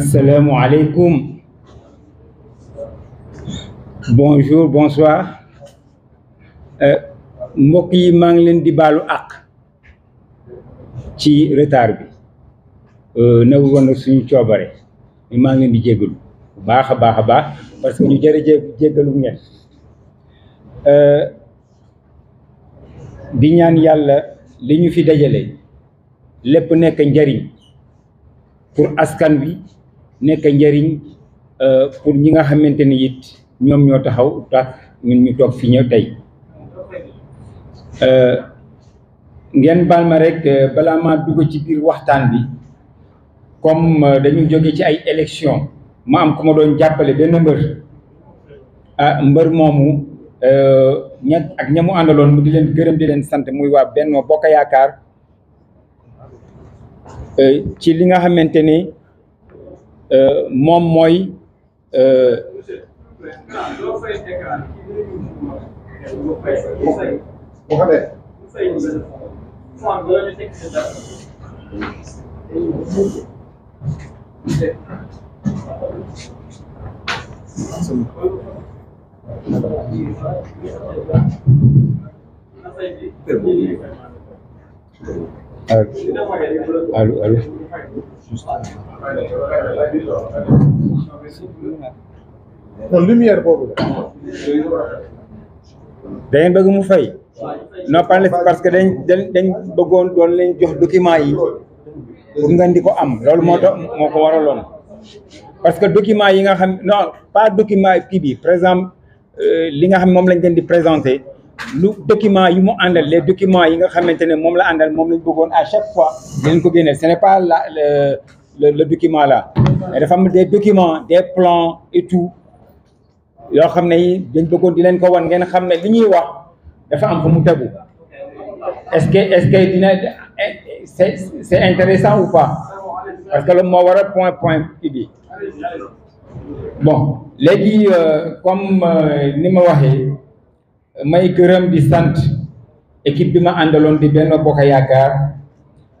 Assalamualaikum. Bonjour, bonsoir. Euh, mbokk yi maa ngi leen di baalu àq ci retar bi euh, nagu woon suñu coobare maa ngi leen di jéggalu baax a baax a baax parce que ñu jërëjë jéggalu ngeen euh, di ñaan yàlla li ñu fi dajale lépp nekk njariñ pour askan wi nekk njëriñ euh, pour ñi nga xamante ni it ñoom ñoo taxaw tax ñun ñu toog fi ñëw tey euh, ngeen baal rek euh, balaa maa dugg ci biir waxtaan bi comme dañu joge ci ay élection ma am ku ma doon jàppale benn mbër ah mbër moomu ña ak ñamu mu mu di leen gërëm di leen sant muy waa Benno Bokk Yaakaar ci li nga xamante ni Euh, moom mooy allo euh, euh, allo non lumière boobu la. dañu bëgg mu fay. parce que dañ dañ bëggoon doon leen jox document yi pour nga di ko am loolu moo tax moo ko waraloon parce que document yi nga xam non pas document kii bi par exemple euh, li nga xam moom lañ leen di présenté. lu document yi mu àndal les documents yi nga xamante ne moom la àndal moom lañ bëggoon à chaque fois dinañ ko génne ce n'est pas la le le, document là mais dafa am des documents des plans et tout yoo xam ne yi dañ bëggoon di leen ko wan ngeen xam ne li ñuy wax dafa am mu tegu est-ce que est-ce que dina c'est c'est intéressant ou pas parce que loolu moo war a point point kii bi bon léegi euh, comme euh, ni ma waxee may këram di sant équipe bi ma àndaloon di benn Bokk Yaakaar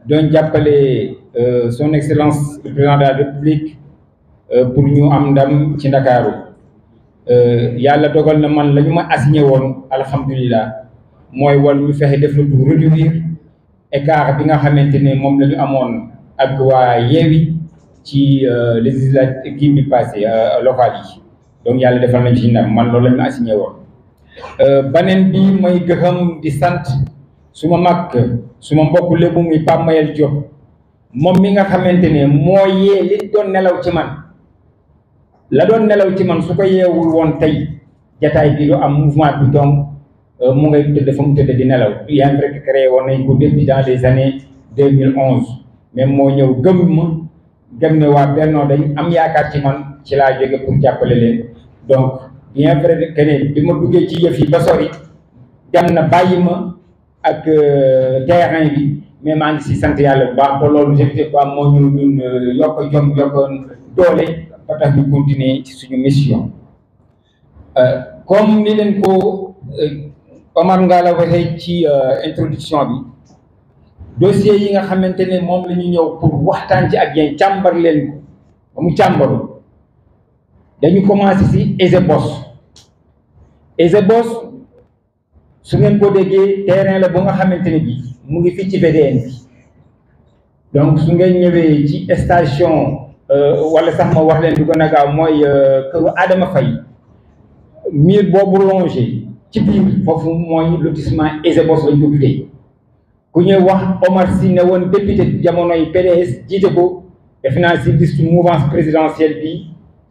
doon jàppale euh, son excellence le république euh, pour ñu am ndam ci ndakaaru euh, yàlla dogal na man la ñu ma assigné woon alhamdulilah mooy wal ñu fexe def la du réduire écart bi nga xamante ne moom lañu amoon ak waa yeewi ci législative bi passé local yi donc yàlla defal nañ ci ndam man loolu la ñu ma woon Euh, beneen bi may gëxam di sant suma ma mag su ma mbokk lébu muy Pape Mayel Diop moom mi nga xamante ne moo yee li doon nelaw ci man la doon nelaw ci man su ko yeewul woon tey jataay bi du am mouvement bi donc euh, mu ngay tëdd fa mu tëdd di nelaw bien vrai que créé woon nañ ko depuis dans les années deux mille onze mais moo ñëw gëm ma gëm ne waa Benno dañ am yaakaar ci man ci laa jóge pour jàppale leen donc bien vrai di ne bi ma duggee ci yëf yi ba sori na bàyyi ma ak euh, terrain bi mais maa si sant yàlla bu baax ba loolu jëfte quoi moo ñu ñun euh, yokk jom yokk doole ba tax ñu continuer ci suñu mission euh, comme ni leen ko Omar Ngalla waxee ci introduction bi dossier yi nga xamante ne moom la ñu ñëw pour waxtaan ci ak yéen càmbar leen ko ba mu dañu commencé ci Ezebos Ezebos su ngeen ko déggee terrain la ba nga xamante ne bi mu ngi fi ci VDN donc su ngeen ñëwee ci station euh, wala sax ma wax leen du gën a gaaw mooy euh, këru Adama Faye mur boobu longé ci biir foofu mooy lotissement Ezebos lañ ko ku ñëw wax Omar Sy ne woon député jamonoy PDS jiite ko def naa ci liste mouvance présidentielle bi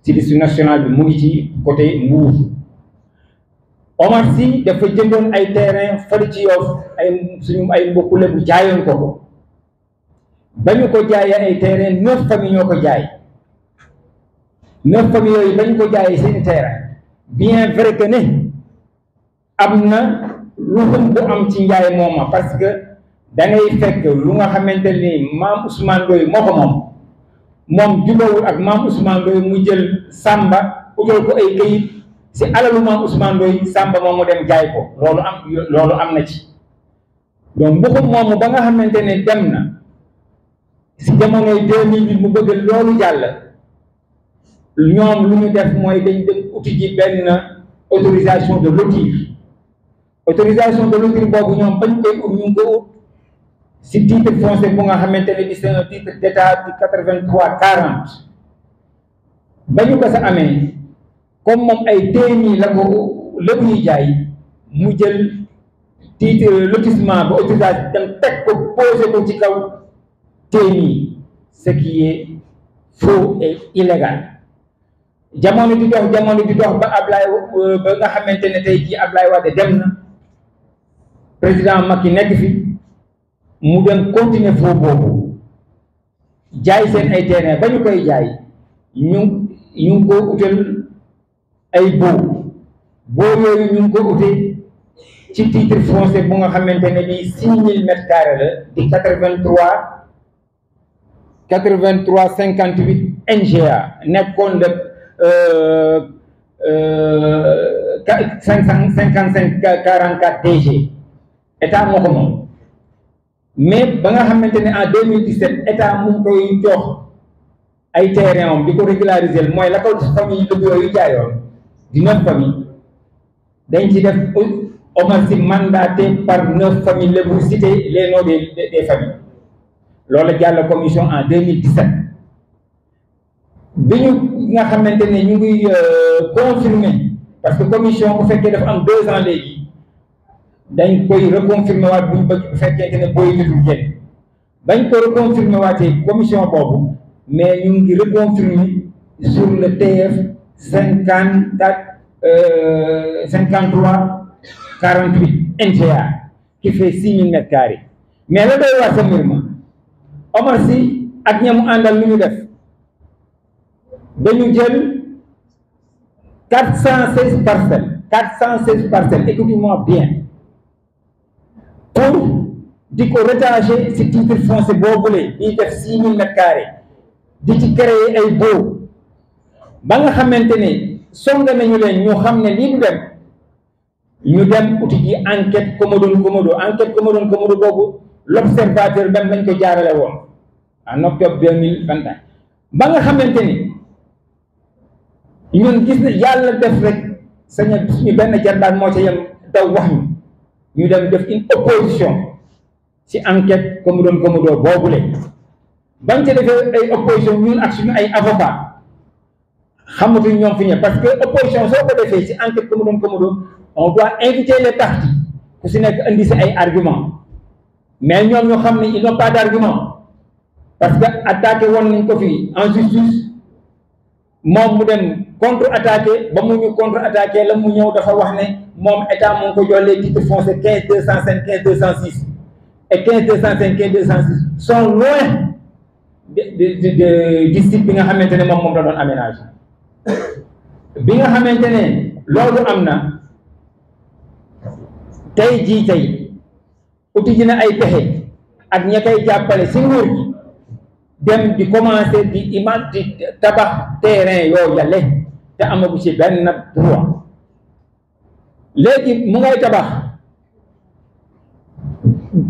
ci liste nationale bi mu ngi ci côté Mbour Omar Sy dafa jëndoon ay terrain fële ci Yoff ay suñu ay mbokku Lebu jaayoon ko ko ko jaayee ay terrain neuf famille ñoo ko jaay neuf famille yooyu ko jaayee seen terrain bien vrai que ne am na lu xëm bu am ci njaay mooma parce que da ngay fekk lu nga xamante ni maam Ousmane Ndoye moom moom jubawul ak maam Ousmane Ndoye mu jël Samba utal ko ay këyit si alalu maam Ousmane Ndoye Samba moom mu dem jaay ko loolu am loolu am na ci donc mbuxum moomu ba nga xamante ne dem na si jamonoy deux mille huit mu bëgg loolu jàll ñoom lu ñu def mooy dañ dem uti ji benn autorisation de lotir autorisation de lotir boobu ñoom bañ koy ut ñu ngi ko si titre foncier bu nga xamante ni bi c'est un titre d'état du quatre-vingt-trois quarante ba ñu ko sa amee comme moom ay téeméer la ko la ñuy jaay mu jël titre lotissement ba autorisation dem teg ko posé ko ci kaw téeméer ce qui est faux et illégal jamono di dox jamono di dox ba Ablaye euh, ba nga xamante ne tey jii Ablaye Wade dem na président Macky nekk fi mu dem continuer foo boobu jaay seen ay terrain ba koy jaay ñu ñu ko utal ay boobu boobu yooyu ñu ko ute ci titre foncier bu nga xamante ne bii six mille mètres carrés di quatre vingt trois quatre vingt trois cinquante huit nga nekkoon de cinq euh, cent euh, cinquante cinq quarante quatre dg état moo moom mais ba nga xamante ne en 2017 état mu ngi koy jox ay terrain bi di ko régulariser mooy la ko famille lëb yooyu jaayoon di neuf famille dañ ci def Omar Sy mandaté par neuf famille lëbu cité les noms des des familles loolu jàll commission en 2017 bi ñu nga xamante ni ñu ngi euh, confirmer parce que commission bu fekkee dafa am deux ans léegi dañ koy reconfirmé waat bu fekkente ne booy litul génn bañ ko reconfirmé waatee commission boobu mais ñu ngi reconfirmé sur le TF cinquante quatre euh, cinquante trois quarante huit NGA qui fait six mille mètres carrés mais la doy waar sa mbir ma Omar ak ñamu àndal lu ñu def dañu jël quatre cent seize parcelles quatre cent seize parcelles écoutez-moi bien pour di ko retager ci titre foncier boobule di def six mille di ci créer ay boobu ba nga xamante ne song nañu leen ñu xam ne lii du dem ñu dem uti ji enquête Comodoun Comodo enquête Comodoun Comodo boobu l'observateur même nañ ko jaarale woon en octobre deux mille vingt un ba nga xamante ni ñun gis na yàlla def rek saña ñu benn jardaan moo ca yem daw wax ñu ñu dem def une opposition si enquête Comodo Comodo boobule bañ ca defee ay opposition ñun ak suñu ay avocat xamatuñ ñoom fi ñe parce que opposition soo ko defee ci enquête Comodo Comodo on doit inviter les partis ku si nekk indi si ay argument mais ñoom ñoo xam ne ils n'ont parce que attaqué woon nañ ko fii en justice moom mu dem contre attaqué ba mu ñu contre attaqué la mu ñëw dafa wax ne moom état mu ngi ko jollee titre foncier quinze deux cent cinq quinze deux cent six et quinze deux cent cinq quinze deux cent six sont loin de de de du site bi nga xamante ne moom moom la doon aménagé bi nga xamante ne loolu am na tey jii tey uti ji na ay pexe ak ña koy jàppale si nguur gi dem di commencé di iman di tabax terrain yoo yàlla te na ci benn droit léegi mu ngay tabax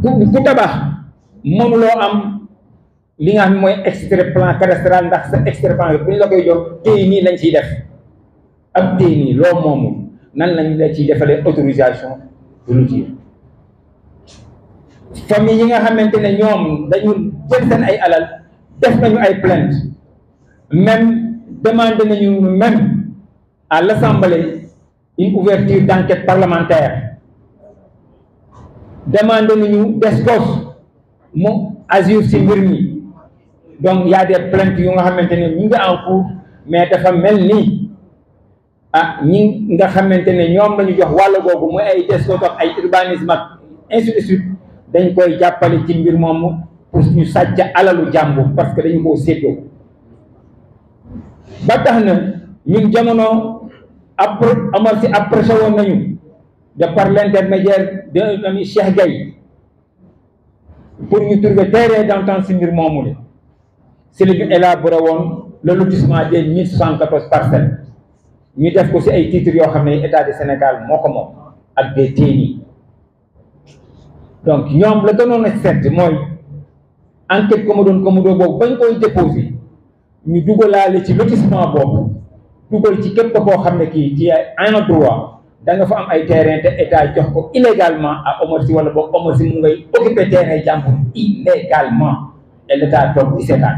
ku tabax moom loo am li nga xam ne mooy extrait plan cadastral ndax sa plan bu ñu la koy jox téy nii lañ ciy def ab téy nii loo moomul nan lañu la ciy defalee autorisation de l'outil famille yi nga xamante ne ñoom dañu jël ay alal def nañu ay plainte même demandé nañu même à l'assemblée une ouverture d'enquête parlementaire demande nañu DSCOS mu azur si mbir mi donc y a des plaintes nga xamante ne ñu ngi en cours mais dafa mel ni ah, ñi nga xamante ne ñoom la ñu jox walla googu mooy ay DSCOS ay urbanisme ak ainsi suite dañ koy jàppale ci mbir moomu pour ñu sàcc alalu jàmbur parce que dañu koo séddoo ba tax na ñun jamono. après amal si approché woon nañu de par l'intermédiaire de ami Cheikh Gaye pour ñu trouver terrain d'entente si mbir moomu la si la ñu élaboré woon le lotissement des mille soixante-quatorze parcelles ñu def ko si ay titres yoo xam ne état du Sénégal moo ko moom ak des TNI donc ñoom la gënoon a seet mooy enquête commodo commodo boobu bañ koy déposé ñu dugalaale ci lotissement boobu dugal ci képp koo xam ne kii ci ay droit da nga fa am ay terrain te état jox ko illégalement à Omar Sy wala boog Omar Sy mu ngay occupé terrain jàmbur illégalement et l'état toog di seetaan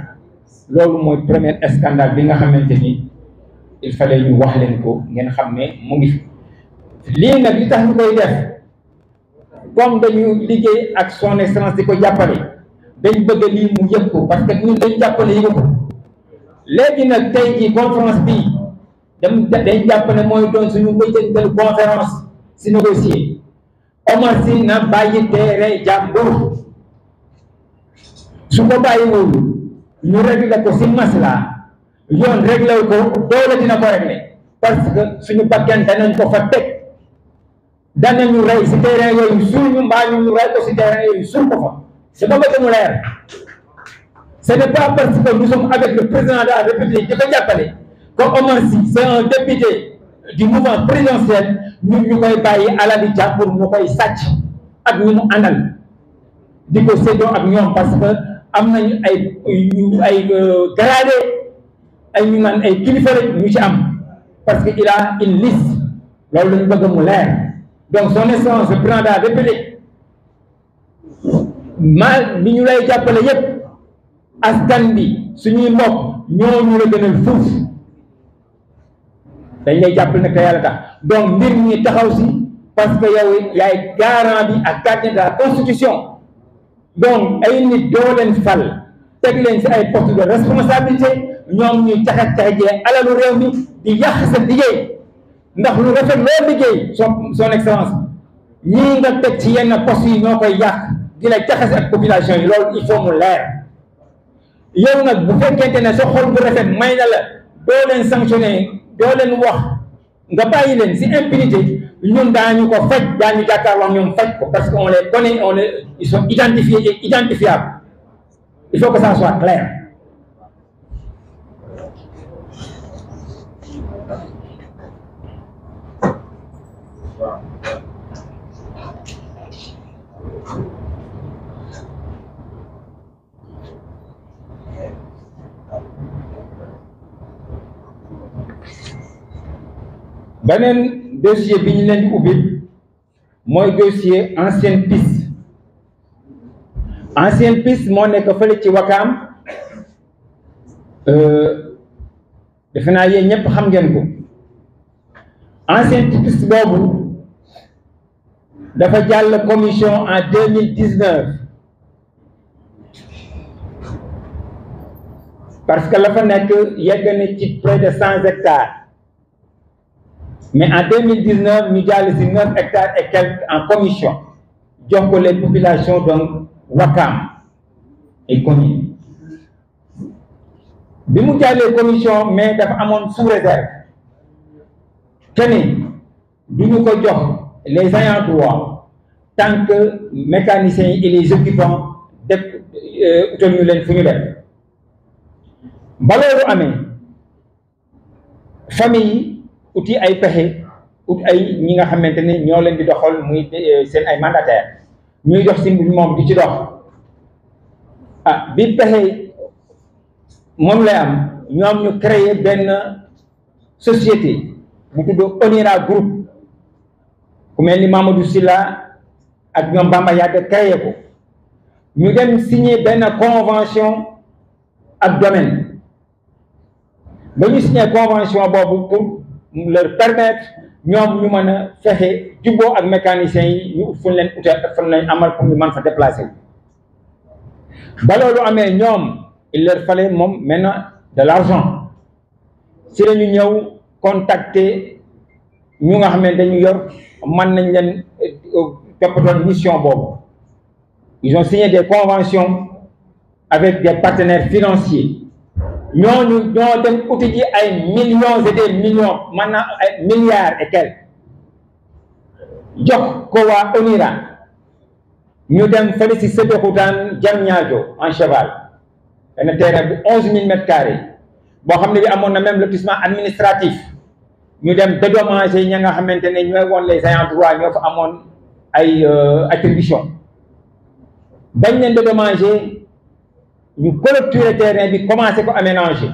loolu mooy premier scandale bi nga xamante ni il fallait ñu wax leen ko ngeen xam ne mu ngi fi lii nag li tax ñu koy def comme dañu liggéey ak son excellence di ko jàppale dañ bëgg lii mu yëg ko parce que ñun dañ jàppale yëg ko léegi nag tey jii conférence dem dañ jàpp ne mooy doon suñu bëccëg conférence si négocier Omar Sy na bàyyi teere jàmbur su ko bàyyiwul ñu réglé ko si masla yoon réglé ko doole dina ko réglé parce que suñu bakkan danañ ko fa teg danañu rey si terrain yooyu suur ñu mbaa ñu rey ko si terrain yooyu suur ko fa c'est ba bëgg mu leer ce n'est pas parce que nous sommes avec le président de la république di ko jàppale que Omar Sy c'est un député du mouvement présidentiel ñun ñu koy bàyyi alali jàmbur mu koy sàcc ak ñu mu àndal di ko séddoo ak ñoom parce que am nañu ay ay euh, ay ñu naan ay kilifa ñu ci am parce que il a une liste loolu ñu bëgg mu leer donc son essence président de la République mal li ñu lay jàppale yépp askan bi suñuy mbokk ñoo ñu la gënal fuuf dañ lay jàppale nag te yàlla donc mbir ñi taxaw si parce que yow yaay garant ak gardien de la constitution donc ay nit doo leen fal teg leen si ay postes de responsabilité ñoom ñuy caxat caxajee alalu réew mi di sa ndax lu rafet loo liggéey son son excellence ñii nga teg ci yenn postes yi ñoo koy yàq di la jaxase ak population yi loolu il faut mu leer yow nag bu fekkente ne sa xol bu rafet may na la doo leen sanctionné doo leen wax nga bàyyi leen si impunité ñun daañu ko faj daañu jàkkaarloo ñoom faj ko parce que on les connaît on les ils sont identifiés et identifiables il faut que ça soit clair beneen dossier bi ñu ne di ubbi mooy dossier ancienne piste ancienne piste moo nekk fële ci Wakaam euh, defe naa yéen ñëpp xam ngeen ko ancienne piste boobu dafa jàll commission en deux mille dix parce que la fa nekk yegg na ci près de cent mais en 2019 ñu jàll si neuf hectares et quelques en commission jox ko les donc Wakam et bi mu jàllee commission mais dafa amoon sous réserve kenn du ñu ko jox les ayants droit tant que mécaniciens yi et def euh, utal ñu leen fu ñu def ba amee famille uti ay pexe uti ay ñi nga xamante ne ñoo leen di doxal muy eh, seen ay mandataire ñuy dox si moom di ci dox ah bi pexe moom lay am ñoom ñu créer benn société bu tudd Onira Group ku mel ni Mamadou Sylla ak ñoom Bamba Yade créer ko ñu dem signer benn convention ak domaine ba ñu signer convention boobu pour leur permettre ñoom ñu mën a fexe ak mécaniciens yi ñu ut fuñ leen amal pour ñu mën fa déplacer ba loolu amee ñoom il leur fallait moom maintenant de l'argent si la ñu ñëw contacter ñu nga xam ne dañu yor mën nañ leen euh, toppatoon mission boobu ils ont signé des conventions avec des partenaires financiers ñooñu ñoo dem uti ji ay millions et des millions maanaam ay milliards et quelques jox ko waa ONIRA ñu dem fële si Sébikotane Diamniadio en cheval benn terrain bu onze mille mètres carrés boo xam ne bi amoon na même lotissement administratif ñu dem dédommager ña nga xamante ne ñooy woon les ayants droit ñoo fa amoon ay euh, attribution bañ leen dédommager ñu collecter terrain bi commencé ko aménager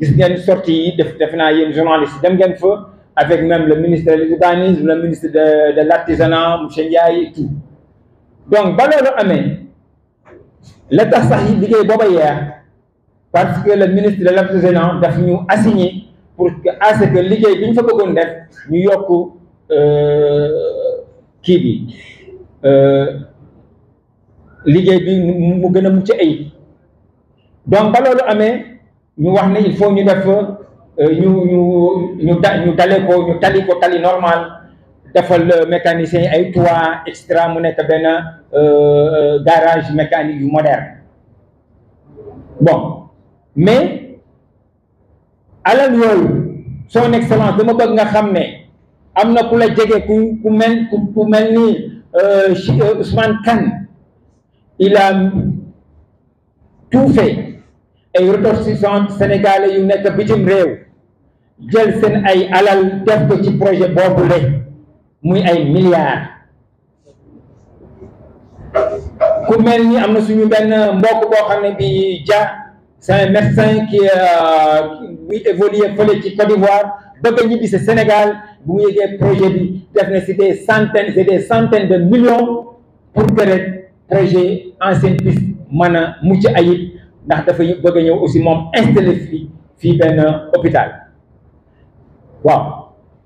gis ngeen sortie yi def def naa yéen journaliste dem gen fa avec même le ministre de l'urbanisme le ministre de de l'artisanat monsieur Ndiaye et tout donc ba loolu amee l'état sax yi liggéey parce que le ministre de l'artisanat daf ñu assigné pour que à ce que liggéey bi ñu fa bëggoon def ñu yokk euh, kii bi euh, liggéey bi mu gën a mucc ayib donc ba amee ñu wax ne il faut ñu def euh, ñu ñu ñu da ñu dale ko ñu tali ko tali normal defal euh, mécanicien ay toit extra mu nekk benn euh, garage mécanique yu moderne bon mais alal yooyu son excellence dama bëgg nga xam ne am na ku la jege ku ku mel ku mel ni Ousmane Kane il a tout fait ay ressortissants sénégalais yu nekk bitim réew jël seen ay alal def ko ci projet boobu le muy ay milliards ku mel ni am na suñu benn mbokk boo xam ne bi ja c'est un médecin qui bi euh, évolue ci Côte d'Ivoire bëgg a ñibbi Sénégal bu mu yëgee projet bi def na si des centaines et des centaines de millions pour que projet ancienne piste mën a mucc ayib ndax dafa bëgg a ñëw aussi moom installé fii fii benn hôpital waaw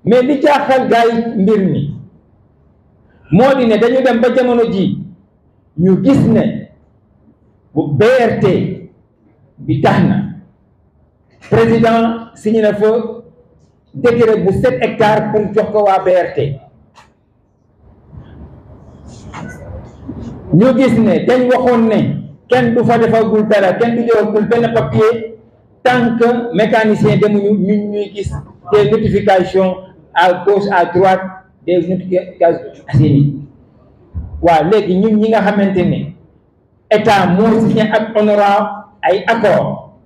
mais li jaaxal gaay mbir mi moo di ne dañu dem ba jamono ji ñu gis ne bu BRT bi tax na président signé na fa décret bu sept hectares pour jox ko waa BRT ñu gis ne dañ waxoon ne kenn du fa defagul dara kenn du jëwagul benn papier tant que mécanicien demuñu ñuy gis des notifications à gauche à droite des notifications assainies waaw léegi ñun ñi nga xamante ne état moo signé ak ONRA ay accord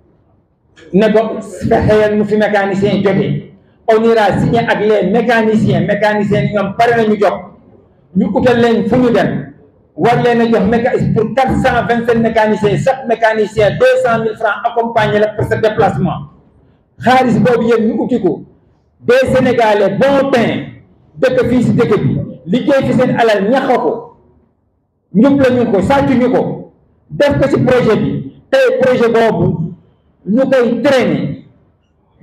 ne ko fexeel nu fi mécanicien jotee ONRA signé ak les mécaniciens mécaniciens yi ñoom pare nañu jox ñu utal leen fu ñu dem war leen a jox méca pour quatre cent vingt sept mécaniciens chaque mécanicien deux cent mille francs accompagné la pour sa déplacement xaalis boobu yéen ñu uti ko des sénégalais bon pain dëkk fii si dëkk bi liggéey fi seen alal ñaxa ko njub lañu ko sàccuñu ko def ko ci projet bi tey projet boobu ñu koy traîner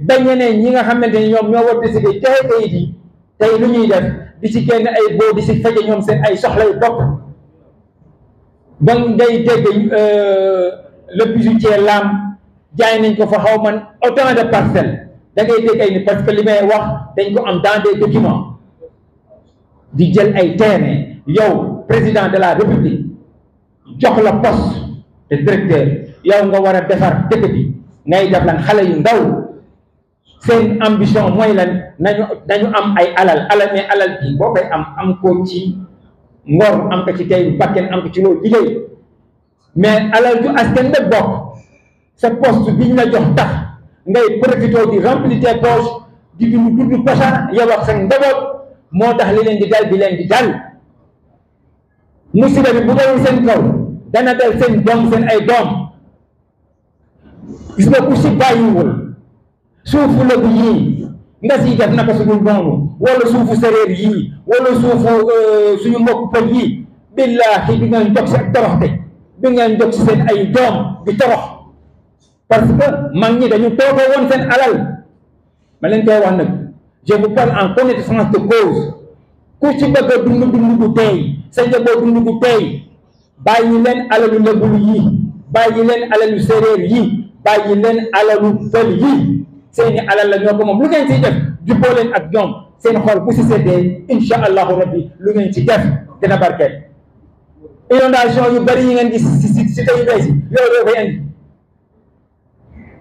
ba ñeneen ñi nga xamante ni ñoom ñoo war di si joxe kayit yi tey lu ñuy def di si génn ay boo di si faje ñoom seen ay soxla soxlay bopp ba day dégg euh, le bijoutier Lam jaay nañ ko fa xaw man autant de parcelles da ngay dégg ay ni parce que li may wax dañ ko am dans des documents di jël ay terrain yow président de la république jox la poste de directeur yow nga war a defar dëkk bi ngay def lan xale yu ndaw seen ambition mooy lan nañu nañu am ay alal alal mais alal bi boo koy am am koo ci ngor am ko ci tey bakken am ko ci loolu liggéey mais alal ju askan bépp bokk sa poste biñ la jox tax ngay profité di remplir tes poches di dund dund pacha yow ak sa moo tax li leen di dal bi leen di dal musiba bi bu dalul seen kaw dana dal seen doom seen ay doom gis nga ku si bàyyiwul suufu la bu yii nga siy def naka suñu noonu wala suufu séréer yii wala suufu euh, suñu mbokk pël yii billaahi di ngeen jóg si ak toroxte di ngeen jóg ay doom di torox parce que mag ñi dañu toogoo woon seen alal ma leen koy wax nag je vous parle en connaissance de ku ci bëgg a dund dund gu teey sa njaboot dund gu teey bàyyi leen alalu lëbul yii bàyyi leen alalu séréer yii bàyyi leen alalu pël yii seeni alal la ñoo ko moom lu ngeen ciy def jubboo leen ak ñoom seen xol bu si seddee incha allahu rabbi lu ngeen ci def dina barkeel inondation yu bari yi ngeen gis si si si tey bay si yooyu doo koy indi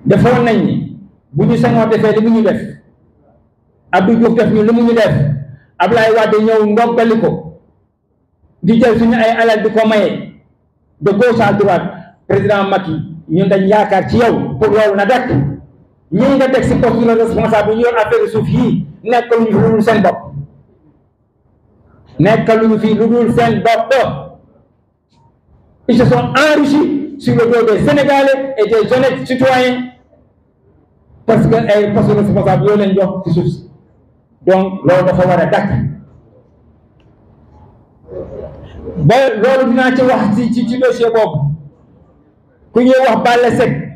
defoon nañ ni bu ñu Senghor defee li mu ñu def ab Diouf def ñu li mu ñu def Ablaye Wade ñëw ndoggali ko di jël suñu ay alal di ko maye de gauche à droite président Macky ñun dañ yaakaar ci yow pour loolu na dekk ñii nga teg si poste de responsable ñu yor affaire suuf yii nekkaluñu fi lu dul seen bopp nekkaluñu fi lu dul seen bopp ils se sont enrichis sur le dos des Sénégalais et des jeunes citoyens parce que ay poste de yoo leen jox ci suuf si donc loolu dafa war a dakk ba loolu dinaa ci wax ci ci dossier ku ñuy wax Balla Seck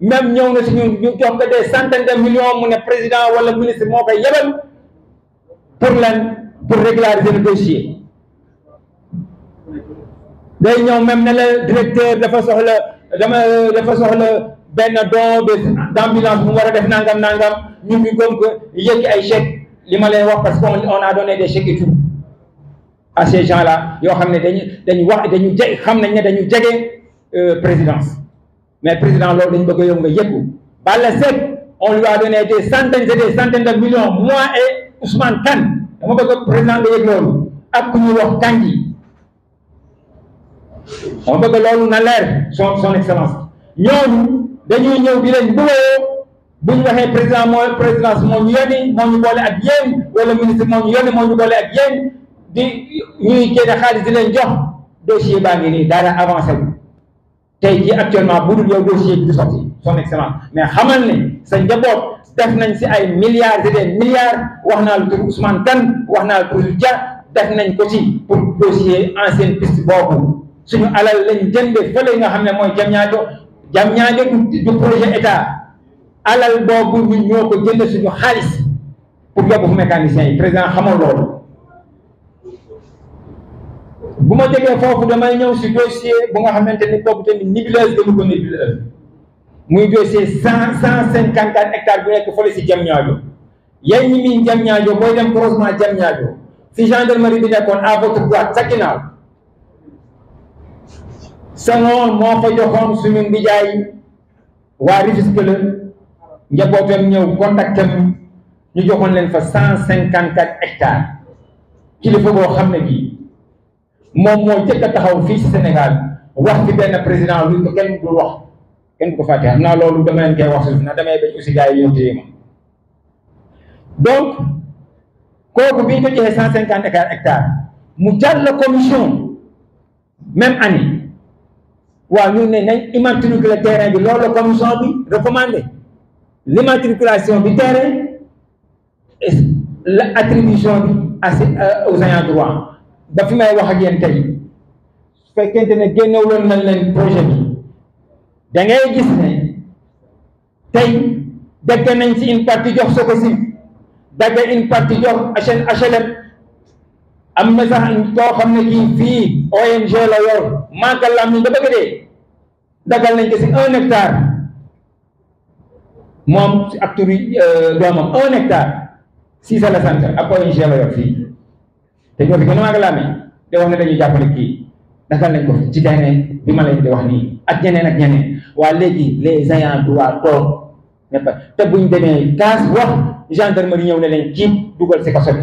même ñëw na si ñun ñu des centaines de millions mu ne président wala ministre moo koy yebal pour lan pour régulariser le dossier day ñëw même ne la directeur dafa soxla dama dafa soxla benn don de d'ambulance mu war a def nangam nangam ñu ngi gëm ko yëkki ay chèques li ma leen wax parce que on a donné des chèques et à ces gens là yoo xam ne dañu dañu wax dañu je xam nañ ne dañu jege euh, présidence mais président loolu dañ bëgg a yóbbu nga yëg ko Balla Seck on lui a donné des centaines et des centaines de millions moi et Ousmane Kane dama bëgg président nga yëg loolu ak ku ñu wax Kandji on bëgg loolu na leer son son excellence ñooñu ñuy ñëw di leen bëggoo bu ñu waxee président mooy présidence moo ñu yónni moo boole ak yéen wala ministre moo moo ñu ak yéen di ñuy génne xaalis di leen jox dossier baa ngi nii dara avancé tey jii actuellement bu dul yow dossier bi du sotti son excellence mais xamal ne sa njaboot def nañ si ay milliards et des milliards wax naa la tur Ousmane Kane wax naa la tur Dia def nañ ko ci pour dossier ancienne piste boobu suñu alal lañ jëndee fële nga xam ne mooy jam joo jam ñaa du projet état alal boobu ñu ñoo ko jënd suñu xaalis pour yóbbu mécanicien yi président xamal loolu bu ma jógee foofu damay ñëw si dossier bu nga xamante ni boobu tamit nébuleuse gënu ko nébuleuse muy dossier cent cent cinquante quatre hectares bu nekk fële si Diamniadio yéen ñi miin Diamniadio booy dem croisement Diamniadio si gendarmerie bi nekkoon à votre droite sa ginnaaw moo fa joxoon suñu ndijaay waa Rufisque la njabootam ñëw contactam ñu joxoon leen fa cent cinquante quatre hectares kilifa boo xam ne bii moom moo jëkk a taxaw fii ci Sénégal wax ci benn président luñ ko kenn dul wax kenn du ko fàtte naa loolu dama leen wax suuf na damay bañ aussi gars yi ma donc kooku bi ñu ko joxee cent cinquante hectares mu jàll la commission même année waaw ñu ne nañ immatriculer terrain bi loolu la commission bi recommandé l'immatriculation du terrain et l'attribution bi à euh, aux ayants droit dafa may wax ak yéen tey su fekkente ne génnewuloon nañ leen projet bi da ngay gis ne tey dagg nañ si une partie jox soko si dagg une parti jox HLM am na sax koo xam ne kii fii ONG la yor manque lam ñu da bëgg dee daggal nañ ko si un hectare moom si ak turi doomam un hectare si sa la sant ak ONG la yor fii te ñoo fi gën a màgg laame te wax ne dañuy jàppale kii dakal nañ ko ci gaynde bi ma leen di wax nii ak ñeneen ak ñeneen waa léegi les ayants droit toog ne pa te buñ demee kaas wax gendarmerie ñëw ne leen kii dugal si kaso bi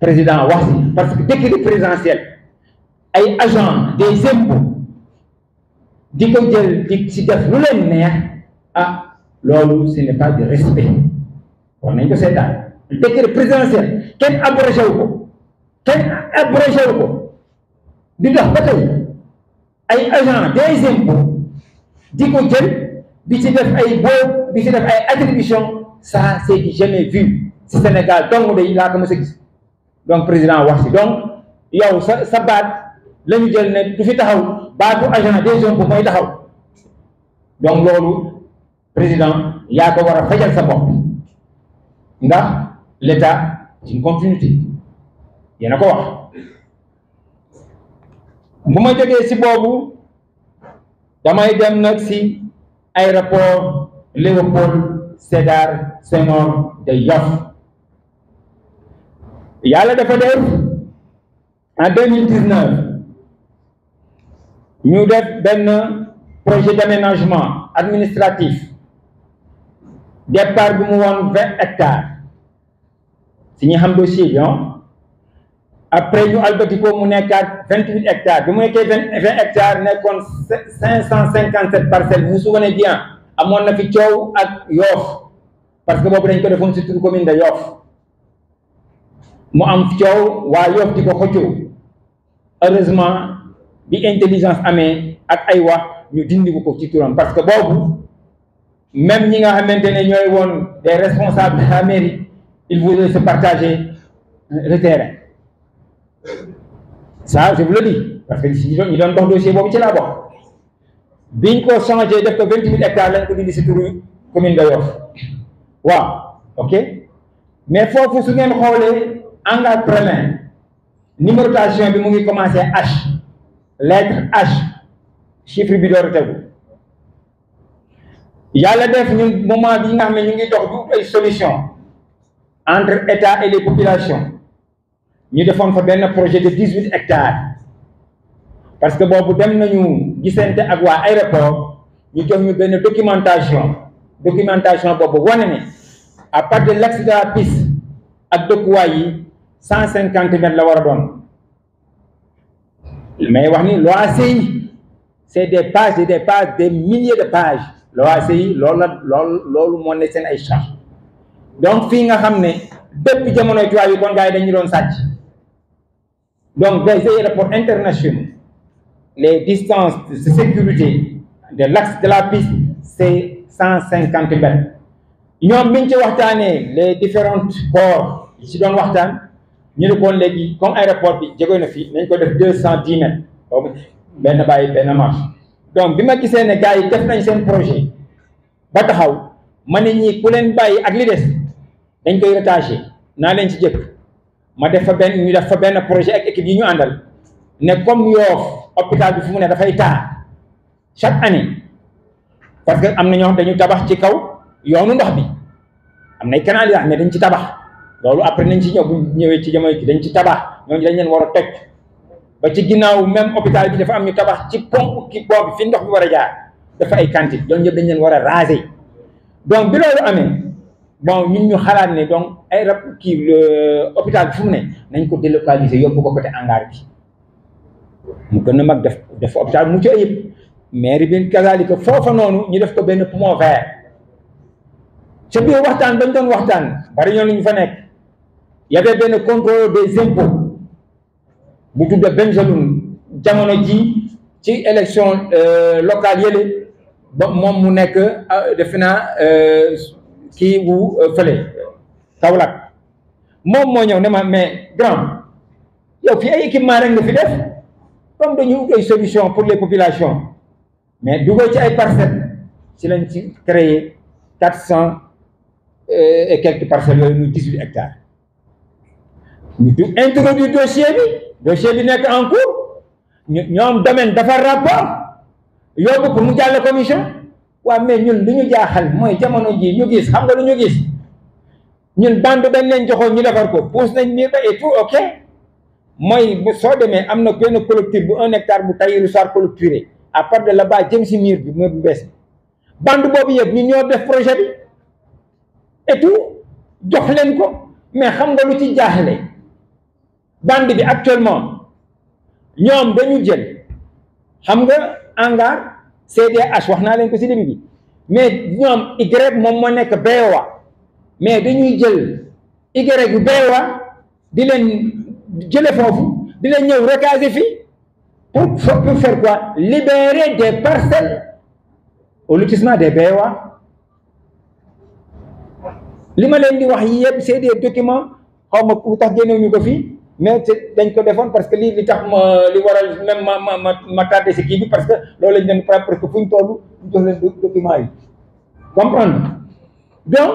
président wax si parce que décret présidentiel ay agents des impôts di ko jël di si def lu leen neex ah loolu ce n'est pas du respect war nañ ko seetaan décret kenn abrogé ko te abrogé wu ko di dox ba tey ay agent des impôts di ko jël di ci def ay boob di ci def ay attribution ça c'est du jamais vu si Sénégal dong day laa ko mës a gis donc président wax si donc yow sa sa baat la ñu jël ne du fi taxaw baatu agent des impôts mooy taxaw donc loolu président yaa ko war a fajal sa bopp ndax l'état c'est continuité yéena ko bu ma jógee si boobu damay dem na si aéroport Léopold Sédar Senghor de Yoff yàlla dafa def en deux mille dix neuf ñu def benn projet d'aménagement administratif départ bu mu woon vingt hectares si ñu xam dossier bi après ñu albati ko mu nekkaat vingt huit hectares bi mu nekkee vingt hectares nekkoon cinq cent cinquante sept parcelles vous vous souvenez bien amoon na fi coow ak yoof parce que boobu dañ ko defoon ci turu commune de yoof mu am coow waa yoof di ko xëccoo heureusement bi intelligence amee ak ay wax ñu dindi ko ci turam parce que boobu même ñi nga xamante ne ñooy woon des responsables de la mairie ils se partager le terrain ça je vous le dis parce que si ñu doon dox dossier boobu ci laa bokk biñ ko changé def ko vingt mille hectares lañ ko dindi si turu commune de Yoff waaw ok mais foofu su ngeen xoolee engrais premier numérotation bi mu ngi commencé H lettre H chiffre bi door a tegu yàlla def ñun moment bi nga xam ne ñu ngi dox du ay solution entre états et les populations ñu defoon fa benn projet de dix huit hectares parce que boobu dem nañu gisante ak waa aéroport ñu jox ñu benn documentation documentation boobu wane ne à part de l'axe de la ak dëkkuwaay yi cent cinquante la war a doon mais wax ni l'OACI c'est des pages et des pages des milliers de pages l'OACI loolu la loolu loolu moo ne seen ay charge donc fii nga xam ne bépp jamonoy tubaab yu kon gars yi dañu doon sàcc Donc, des aéroports internationaux, les distances de sécurité de l'axe de la piste, c'est 150 mètres. ñoom biñ ci waxtaanee les différentes ports yi ci doon waxtaan ñu ne koon léegi comme aéroport bi jege na fii nañ ko def deux cent dix mètres benn bàyyi benn marche donc bi ma gisee ne gars yi def nañ seen projet ba taxaw ma ne ñii ku leen bàyyi ak li des dañ koy rattaché naa leen ci jëkk ma def fa benn ñu def fa benn projet ak équipe yi ñu àndal ne comme Yoff hôpital bi fu mu ne dafay taa chaque année parce que am na ñoo dañu tabax ci kaw yoonu ndox bi am nay canal yoo xam ne dañ ci tabax loolu après nañ ci ñëw bu ñëwee ci jamono ci dañ ci tabax ñooñu dañ leen war a teg ba ci ginnaaw même hôpital bi dafa am ñu tabax ci pompe ki boobu fi ndox bi war a jaar dafa ay cantine loolu ñëpp dañ leen war a raser donc bi amee bon ñun ñu xalaat ne donc ay rab kii hôpital bi fu ne nañ ko délocaliser yóbbu ko côté hangar bi mu gën a mag def def hôpital mu ci ayib mairie bi kazalika foofa noonu ñu def ko benn poumon vert ca biir waxtaan bañ doon waxtaan bari ñoon ñu fa nekk y benn contrôle des impôts bu tudda Bengeloun jamono ji ci élection euh, locale yële moom mu nekk euh, defe naa euh, kii wu euh, fële Kaolack moom moo ñëw ne ma mais grand yow fi ay équipement rek nga fi def comme dañu ut ay solution pour les populations mais duggoo ci ay parcelles si lañ ci créé quatre cent euh, et quelques parcelles yooyu muy dix huit hectares ñu du introduire dossier bi dossier bi nekk en cours ñu ñoom domaine dafa rapport yóbbu pour mu jàll commission waa mais ñun lu ñu jaaxal mooy jamono jii ñu gis xam nga lu ñu gis ñun bande bañ leen joxoon ñu defar ko puus nañ miir ba et tout ok mooy bu soo demee am na benn collectif bu un hectare bu Tahirou Sarr collecturé à part de là bas jëm si miir bi miir bu bees bi bande boobu yëpp ñu ñoo def projet bi et jox leen ko mais xam nga lu ci jaaxle band bi actuellement ñoom dañu jël xam nga hangar CDH wax naa leen ko si début bi mais ñoom Y moom moo nekk BOA mais dañuy jël Y bu BOA di leen jële foofu di leen ñëw recaser fii pour pour faire quoi libérer de parcelles au lotissement des BOA li ma leen di wax yëpp c'est des documents xaw ma lu tax génnewuñu ko fii mais dañ ko defoon parce que lii li tax ma li waral même ma ma ma tardé si kii parce que loolu lañ leen pare parce que fu ñu toll ñu jox leen document yi comprendre donc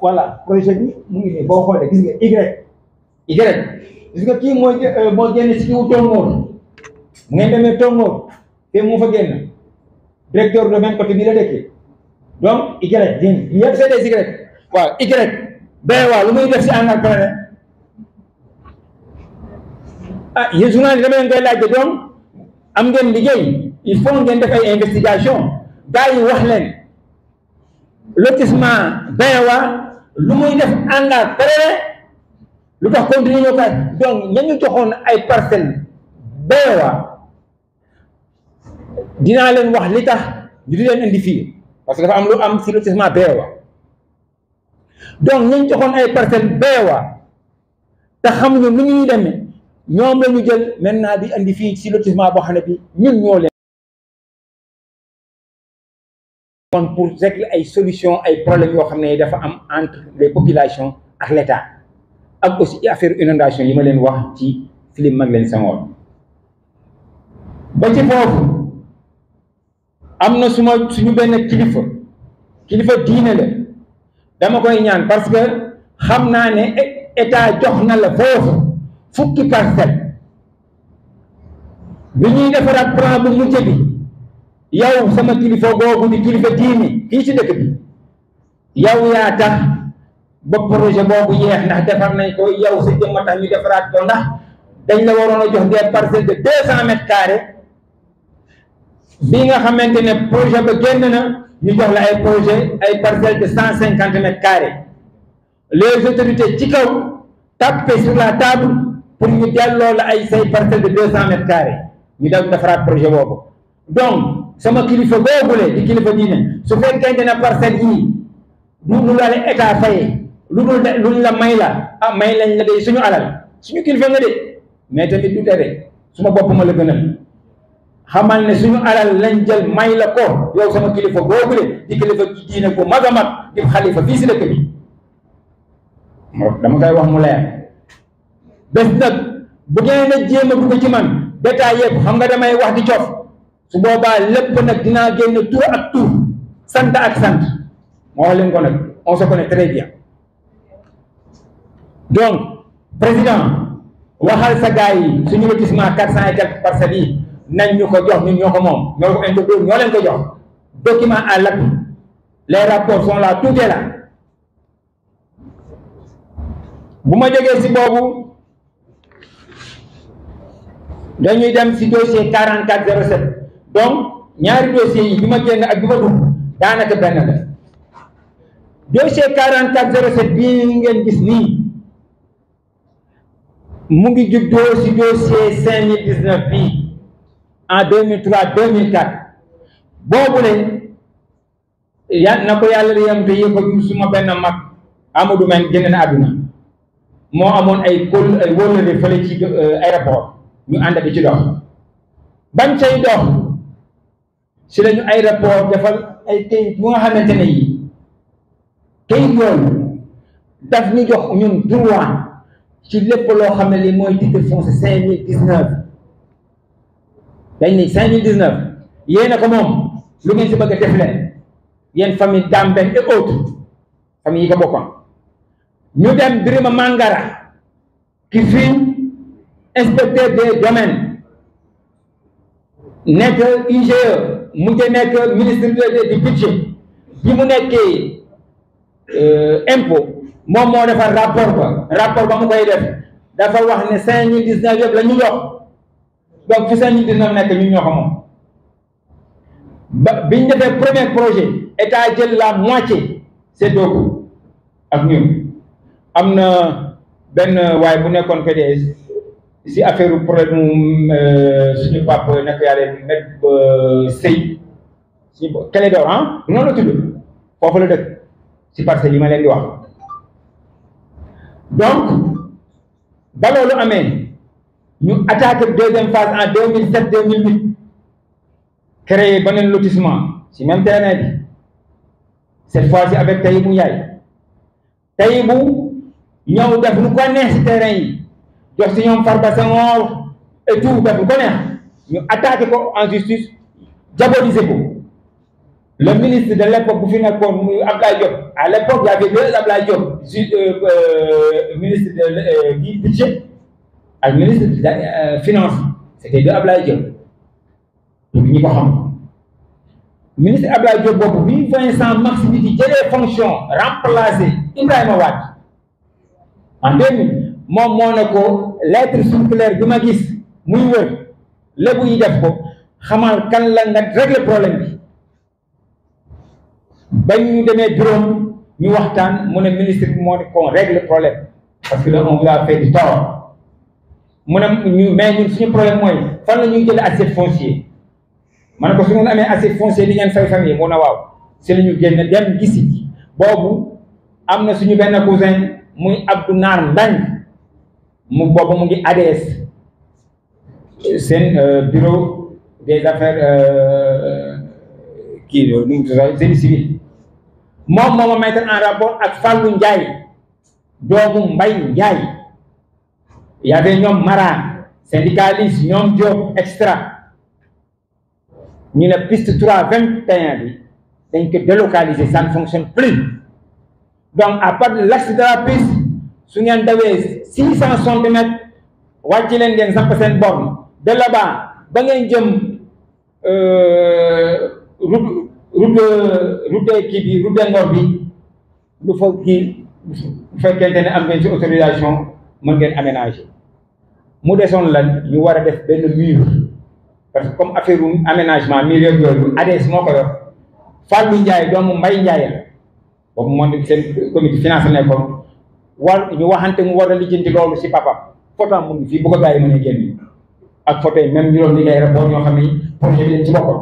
voilà projet bi mu ngi nii boo xoolee gis nga Y Y gis mooy euh, moo génn si kiwu tongoor mu ngeen demee tongoor te mu fa génn directeur de même côté bi la dëkkee donc Y yéen yëpp c'est des Y waaw Y ben waaw lu muy def si engrais ah yéen journaliste dama leen koy laaj doom am ngeen liggéey il faut ngeen def ay investigation gars yi wax leen lotissement Bewa lu muy def ànd ak lu tax continué ñoo kat donc ñañu joxoon ay parcelles Bewa leen wax li tax ñu di leen indi fii parce que dafa am lu am si lotissement Bewa donc ñañ joxoon ay parcelles Bewa te xamuñu nu ñuy demee ñoom la ñu jël maintenant bi indi fii ci lotissement boo xam bi ñun ñoo leen pour régler ay solution ay problèmes yoo xam ne dafa am entre les populations ak l'État ak aussi affaire inondation yi ma leen wax ci Philippe Maguilène Senghor ba ci am na suma suñu benn kilifa kilifa diine la dama koy ñaan parce que xam naa ne état jox na la foofu fukki parcelle bi ñuy defaraat plan bu mujj bi yow sama kilifa googu di kilifa diini kii ci dëkk bi yow yaa tax ba projet boobu yeex ndax defar nañ ko yow si jëmma tax ñu defaraat ko ndax dañ la waroon a jox des parcelles de deux cent mètres carrés bi nga xamante ne projet ba génn na ñu jox la ay projet ay parcelles de cent cinquante mètres carrés le autorités ci kaw tapé sur la table pour ñu delloo la ay say parcelle de deux cent mètres carrés ñu daw defaraat projet boobu donc sama kilifa boobule di kilifa diine su fekkente ne parcelle yii du lu la lu dul luñ la may ah may lañ la de suñu alal suñu nga de mais tamit du tere suma bopp ma la gënal xamal ne suñu alal lañ jël may la ko yow sama kilifa boobule di kilifa diine ko mag a mag di xalifa fii si dëkk bi dama koy wax mu leer bés nag bu ngeen a jéem a dugg ci man détail yëpp xam nga damay wax di cof su booba lépp nag dinaa génn tur ak tur sant ak sant moo wax leen ko nag on se connaît très bien donc président waxal sa gars yi suñu lotissement quatre cent et quelques parcelles nañ ñu ko jox ñun ñoo ko moom ñoo ko introduire ñoo leen ko jox document à l'appui les rapports sont là tout bu ma jógee si boobu dañuy dem si dossier 4407 donc ñaari dossiers yi bi ma génn ak bi ma dugg daanaka benn la dossier 4407 bii ngeen gis nii mu ngi juddoo si dossier 5019 bii en 2003 2004 boobu ne ya na ko yàlla yam yëpp a suma benn mag Amadou Mène génn na àdduna moo amoon ay kóol ay wóllare fële ci euh, aéroport ñu ànd di ci dox bañ cay dox si lañu ay rapport defal ay kayit bu nga xamante ne yi kayit daf ñu jox ñun droit ci lépp loo xam ne li mooy titre foncier cinq mille dix neuf dañ ne cinq mille dix neuf yéena ko moom lu ngeen si bëgg a def leen famille Dambène et famille yi ko ñu dem Birima Mangara ki fii inspecteur des domaines nekk IGE mujj nekk ministre du budget bi mu nekkee euh, impôt moom moo defar rapport ba rapport ba mu koy def dafa wax ne cinq mille dix neuf yëpp la ñu jox donc fi cinq mille dix neuf nekk ñu ñoo ko moom ba biñ defee premier projet état jël la moitié c'est doogu ak ñun am na benn waaye bu nekkoon PDS si affaire problème mu euh, suñu papa nekk yàlla nekk euh, sëy suñu kële door ah noonu la tudd foofu la dëkk si parcelles yi ma di wax donc ba loolu amee ñu attaqué deuxième phase en deux mille sept deux mille huit créé beneen lotissement si même terrain bi cette fois-ci avec Taïbu Ndiaye Taïbu ñëw def lu ko neex si terrain yi. jox si ñoom Farba Senghor et tout def lu ko neex ñu attaqué ko en justice diaboliser ko le ministre de l' bu fi nekkoon muy Abdoulaye à l' époque y avait deux Abdoulaye euh, euh, ministre de euh, du budget ministre finance c' était deux Abdoulaye Diop pour ñi ko xam ministre Abdoulaye Diop boobu bi Vincent Max Mity jëlee fonction remplacé Ibrahima Wade en moom moo ne ko lettre circulaire bi ma gis muy wër lébu yi def ko xamal kan la nga régler problème bi ba ñu demee juróom ñu waxtaan mu ne ministre bi moo ne qu'on règle problème parce que là on l'a fait du tort mu ne ñu mais ñun suñu problème mooy fan la ñuy jëlee assiette foncier ma ne ko su ngeen amee assiette foncier di ngeen fay famille mu ne waaw si la ñu génn dem gisi boobu am na suñu benn cousin muy Abdou Naar Mbengue mu boobu mu ngi ADS seen euh, bureau des affaires euh, kii nu génie civil moom moo ma mettre en rapport ak Fallou Ndiaye doomu Mbaye Ndiaye y avait ñoom Mara syndicaliste ñoom Diop extra ñu ne piste trois vingt et un bi dañ ko délocaliser plus donc à part l'axe su ngeen dawee six cent centimètres wàcc leen ngeen samp seen borne de là-bas ba ngeen jëm euh, route route route kii bi route Ngor bi lu fa kii bu fekkente ne am ngeen ci autorisation mën ngeen aménager mu desoon lan ñu war a def benn mur parce que comme affaire aménagement milieu yooyu ADS moo ko yor Fallou Ndiaye doomu Mbaye Ndiaye la boobu moom seen comité finance nekkoon war ñu waxante mu war a lijjanti loolu si papam photo am mu ngi fii bu ko gars a génn ak photo yi même ñu doon liggéey rapport ñoo xam ni projet si leen ci boppam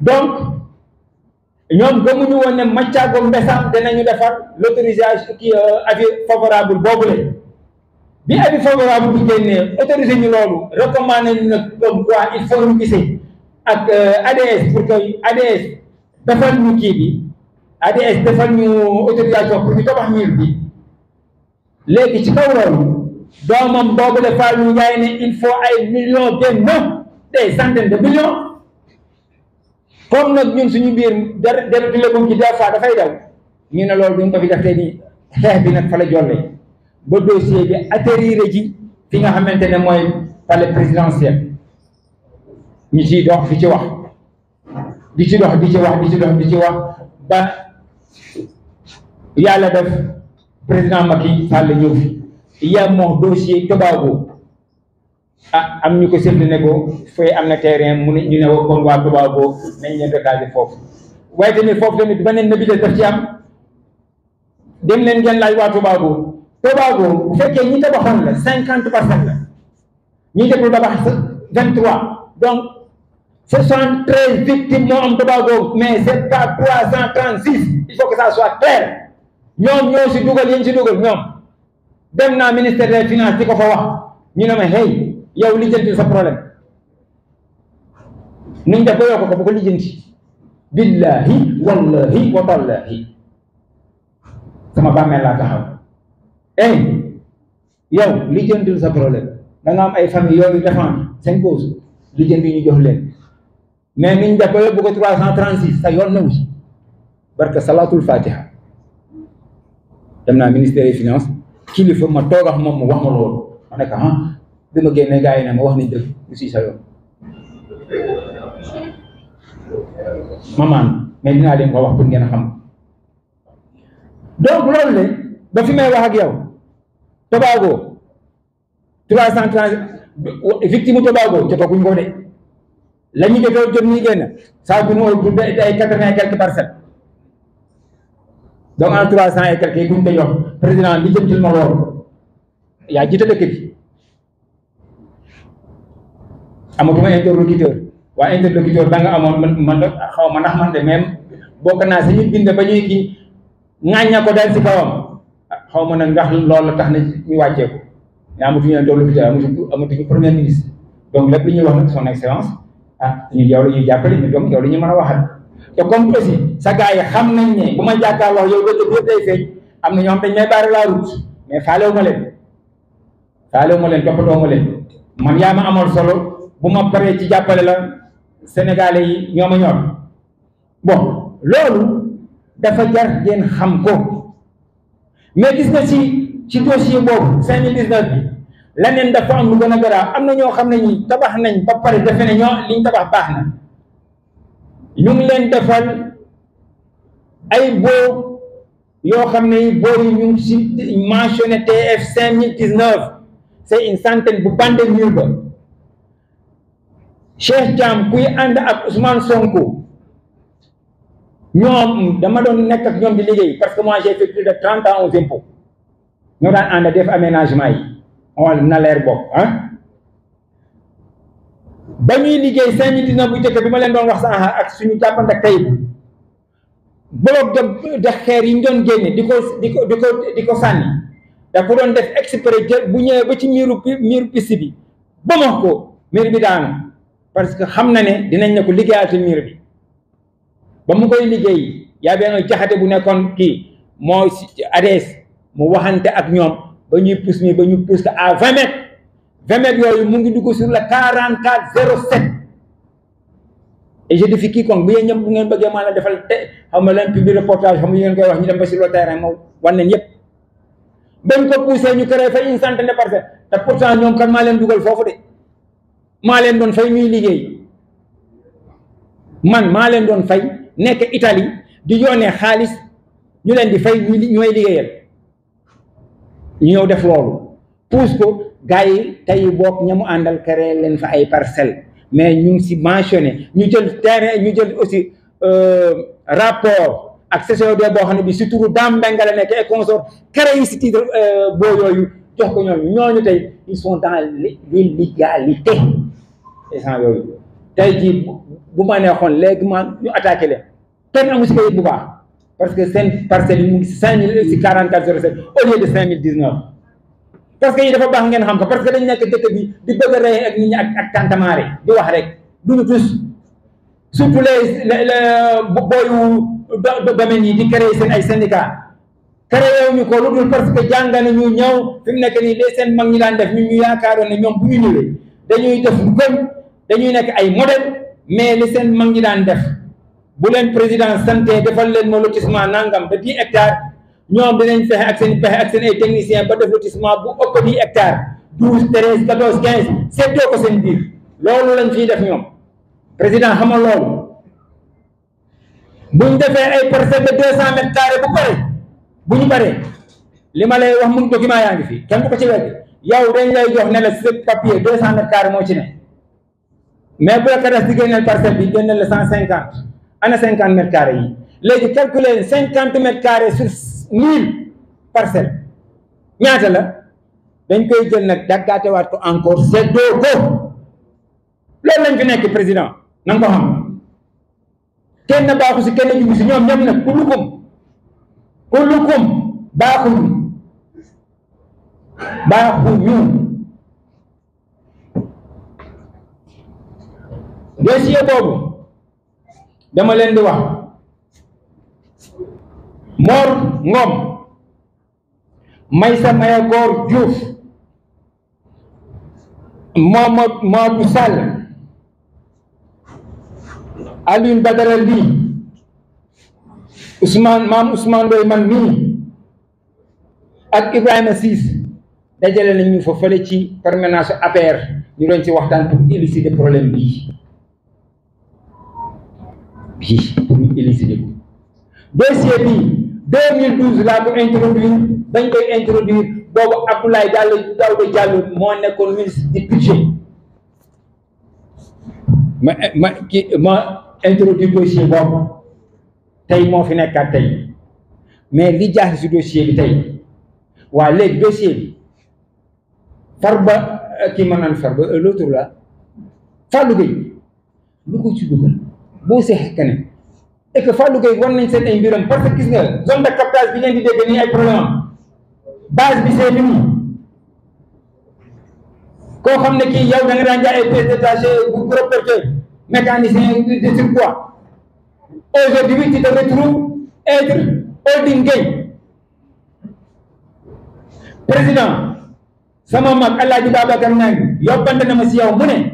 donc ñoom gëmuñu woon ne Mathiago Mbessane dinañu defar l' autorisation kii euh, avis favorable boobu la bi avis favorable bi génnee autorisé ñu loolu recommandé ñu nag comme quoi il faut ñu gisee ak euh, ADS pour que ADS defal ñu kii bi ADS defal ñu autorisation pour ñu tabax miir bi léegi ci kaw loolu doomam boobu la Fallou Ndiaye ne il faut ay millions génn des centaines de millions comme nag ñun suñu biir dara dara du lëgum ci des fois dafay daw ñu ne loolu duñ ko fi def tey nii xeex bi nag fa la jolle ba dossier bi atterrir ji fi nga xamante ne mooy palais présidentiel ñu ciy dox di ci wax di ci dox di wax di ci dox ci wax ba yàlla def. président Macky Sall ñëw fi yaa moo dossier Tobago ah am ñu ko seetlu ne ko fooy am na terrain mu ne ñu ne kon waa Tobago nañ leen recasé foofu waaye tamit foofu tamit bi def daf ci dem leen ngeen laaj waa Tobago Tobago bu fekkee ñi tabaxoon la cinquante pour cent la ñi def lu tabax vingt trois donc soixante treize victimes moo am Tobago mais c'est pas trois cent il faut que ça soit clair ñoom ñoo si dugal yéen si dugal ñoom dem naa ministère des finances di ko fa wax ñu ne ma hey yow lijjanti sa problème nuñ def ba yokk ko bu ko lijjanti billahi wallahi wa tallahi sama bàmmeel laa taxaw eh yow lijjantil sa problème da nga am ay famille yooyu défendre seen cause lijjanti ñu jox leen mais niñ def ba yóbbu ko trois cent trente six sa yoon na wu si barke salatul dem naa ministère des finances kilifa ma toog ak moom mu wax ma loolu ma ne ko ah bi ma génnee gars ma wax ni dëgg lu si sa yoon maman mais dinaa leen ko wax pour ngeen xam donc loolu le ba fi may wax ak yow Tobago trois cent trente victime Tobago jotaguñ ko de la ñu jotoo jot ñuy génn saa bu ñu quatre-vingt quelques parcelles donc en trois cent et quelques yi buñ koy wax président li jëm ci ma woor yaa jiite dëkk bi amatuma interlocuteur waa interlocuteur ba nga amoon man man xaw ma nax man de même bokk naa si ñu bind ba ñuy kii ŋaañ ko daal si kawam xaw na nag ndax loolu tax na ñu wàccee ko mais amatuñu interlocuteur amatuñu amatuñu premier ministre donc lépp li ñuy wax na son excellence ah ñu yow la ñuy jàppale ñu donc yow la ñu mën a waxal. te comme aussi sa gars yi xam nañ ne bu ma jàkkaarloo yow dëkk bi day feeñ am na dañ may baare la route mais faalewu ma leen faalewu ma leen amoon solo bu paree ci jàppale la sénégalais yi ñoo ma ñor bon loolu xam ko mais gis nga ci ci dossier boobu cinq mille dix-neuf bi leneen lu gën a garaaw am na ñoo xam ne ñi tabax nañ ba pare defe ne ñoo liñ tabax baax na ñu ngi ay boo yoo xam ne boo yi ñu ngi si mentionné TF cinq mille dix neuf c'est une bu bande mur ba Cheikh Thiam kuy ànd ak Ousmane Sonko ñoom dama doon nekk ak ñoom di liggéey parce que moi j'ai fait plus de trente ans aux ñoo daan ànd def aménagement yi on na leer bopp ah ba ñuy liggéey na bu njëkk bi ma leen doon wax sànq ak suñu jàppante tey bloc de de xeer yi ñu doon génne di ko di ko di ko di da ko doon def exprès jël bu ñëwee ba ci miiru miiru piste bi ba ma ko miir bi daanu parce que xam na ne dinañ ne ko liggéeyaatul miir bi ba mu koy liggéey yaa benn jaxate bu nekkoon kii moo ADS mu waxante ak ñoom ba ñuy pousse mi ba ñu pousse à vingt mètres yooyu mu ngi dugg sur la quarante quatre zéro sept et je défie quiconque bu yéen ñëpp bu ngeen maa la defal te xam nga leen public reportage xam nga ngeen koy wax ñu dem ba si le terrain moom wan leen yëpp bañ ko poussé ñu créé fay une centaine de parcelles te pourtant ñoom kan maa leen dugal foofu de maa leen doon fay ñuy liggéey man maa leen doon fay nekk Italie di yónnee xaalis ñu leen di fay ñuy liggéeyal ñu ñëw def loolu pousse ko gars yi tey boog ñamu àndal créé leen fa ay parcelles mais ñu ngi si mentionné ñu jël terrain ñu jël aussi euh, rapport ak de boo xam ne bi si turu Dame Mbengue la nekk et consort créé si titre euh, boo yooyu jox ko ñooñu ñooñu tey ils sont dans l'illégalité essan yooyu tey jii bu ma neexoon léegi ma ñu attaqué leen kenn amu si kayit bu baax parce que sen parcelles yi mu ngi si cinq mille si quarante quatre zéro sept au lieu de cinq mille dix neuf parce que yi dafa baax ngeen xam ko parce que dañ nekk dëkk bi di bëgg a rey ak nit ñi ak ak tantamaare di wax rek duñu tus surtout ba booyu domaine yi di créer seen ay syndicat créé ñu ko lu dul parce que jànga na ñëw fi mu nekk nii les seen mag ñi daan def ñu ñu yaakaaroon ne ñoom bu ñu ñëwee dañuy def lu gën dañuy nekk ay modèle mais li seen mag ñi daan def bu leen président santé defal leen ma lotissement nangam de dix hectares ñoom dinañ fexe ak seen pexe ak seen ay technicien ba def lotissement bu ëpp ni hectare douze treize quatorze quinze seddoo ko seen biir loolu lañ fiy def ñoom président xamal loolu buñ defee ay parcelle de deux cent mètres carrés bu pare bu ñu paree li ma lay wax mu document yaa ngi fi kenn du ko ci wedd yow dañ lay jox ne la si papier deux cent mètres carrés moo ci ne mais bu la cadastre di génneel parcelle bi génneel la cent cinquante ana cinquante mètres carrés yi léegi calculer cinquante mètres mille parcelles ñaata la dañ koy jël nag daggaatewaat ko encore seddoo ko loolu lañ fi nekk président na nga ko xam kenn baaxu si kenn jubu si ñoom ñëpp nag kullukum kullukum baaxuñ baaxuñu dossier boobu dama leen di wax Mor Ngom Maysa Maya Góor Diouf Mohamad Mamadou Sall Alioune Badara Ly Ousmane maam Ousmane Doy man mii ak Ibrahima Siis dajale nañu fa fële ci permanence APR ñu doon ci waxtaan pour élucider problème bii bii pour ñu élucider ko dossier bii 2012 laa ko introduire dañ koy introduire boobu Abdoulaye Daouda Diallo moo nekkoon ministre du budget ma ma ki ma introduire boobu tey moo fi nekkaat tey mais li jaaxle si dossier bi tey waa léegi dossier bi Farba euh, kii ma naan Farba euh, l'autre là Fallou Gueye lu ko ci dugal boo seexee keneen et que Fallou Gueye war nañ seen ay mbiram parce que gis nga zone de captage bi ngeen di dégg nii ay problème am bi c'est lui koo xam ne kii yow da jaay ay pièces détachées bu de surpoids aujourd'hui tu président sama mag Alaaji Babacar Nangi yóbbante na ma si yow mu ne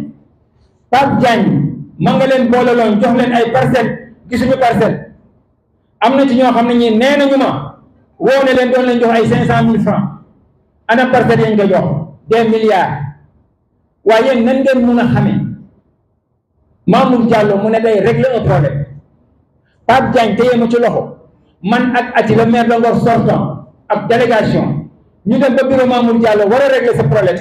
Pape Diagne ma nga leen boole ay parcelles ci suñu am na ci ñoo xam na ñi nee nañu ma woo ne leen doon leen jox ay cinq cent mille francs ana parcelle yañ ko jox des milliards waaye yéen nan ngeen mun a xamee Mamour Diallo mu ne day régler un problème Pape Diagne téye ma ci loxo man ak ati le maire de Ngor sortant ak délégation ñu dem ba bureau Mamour Diallo war a régler ce problème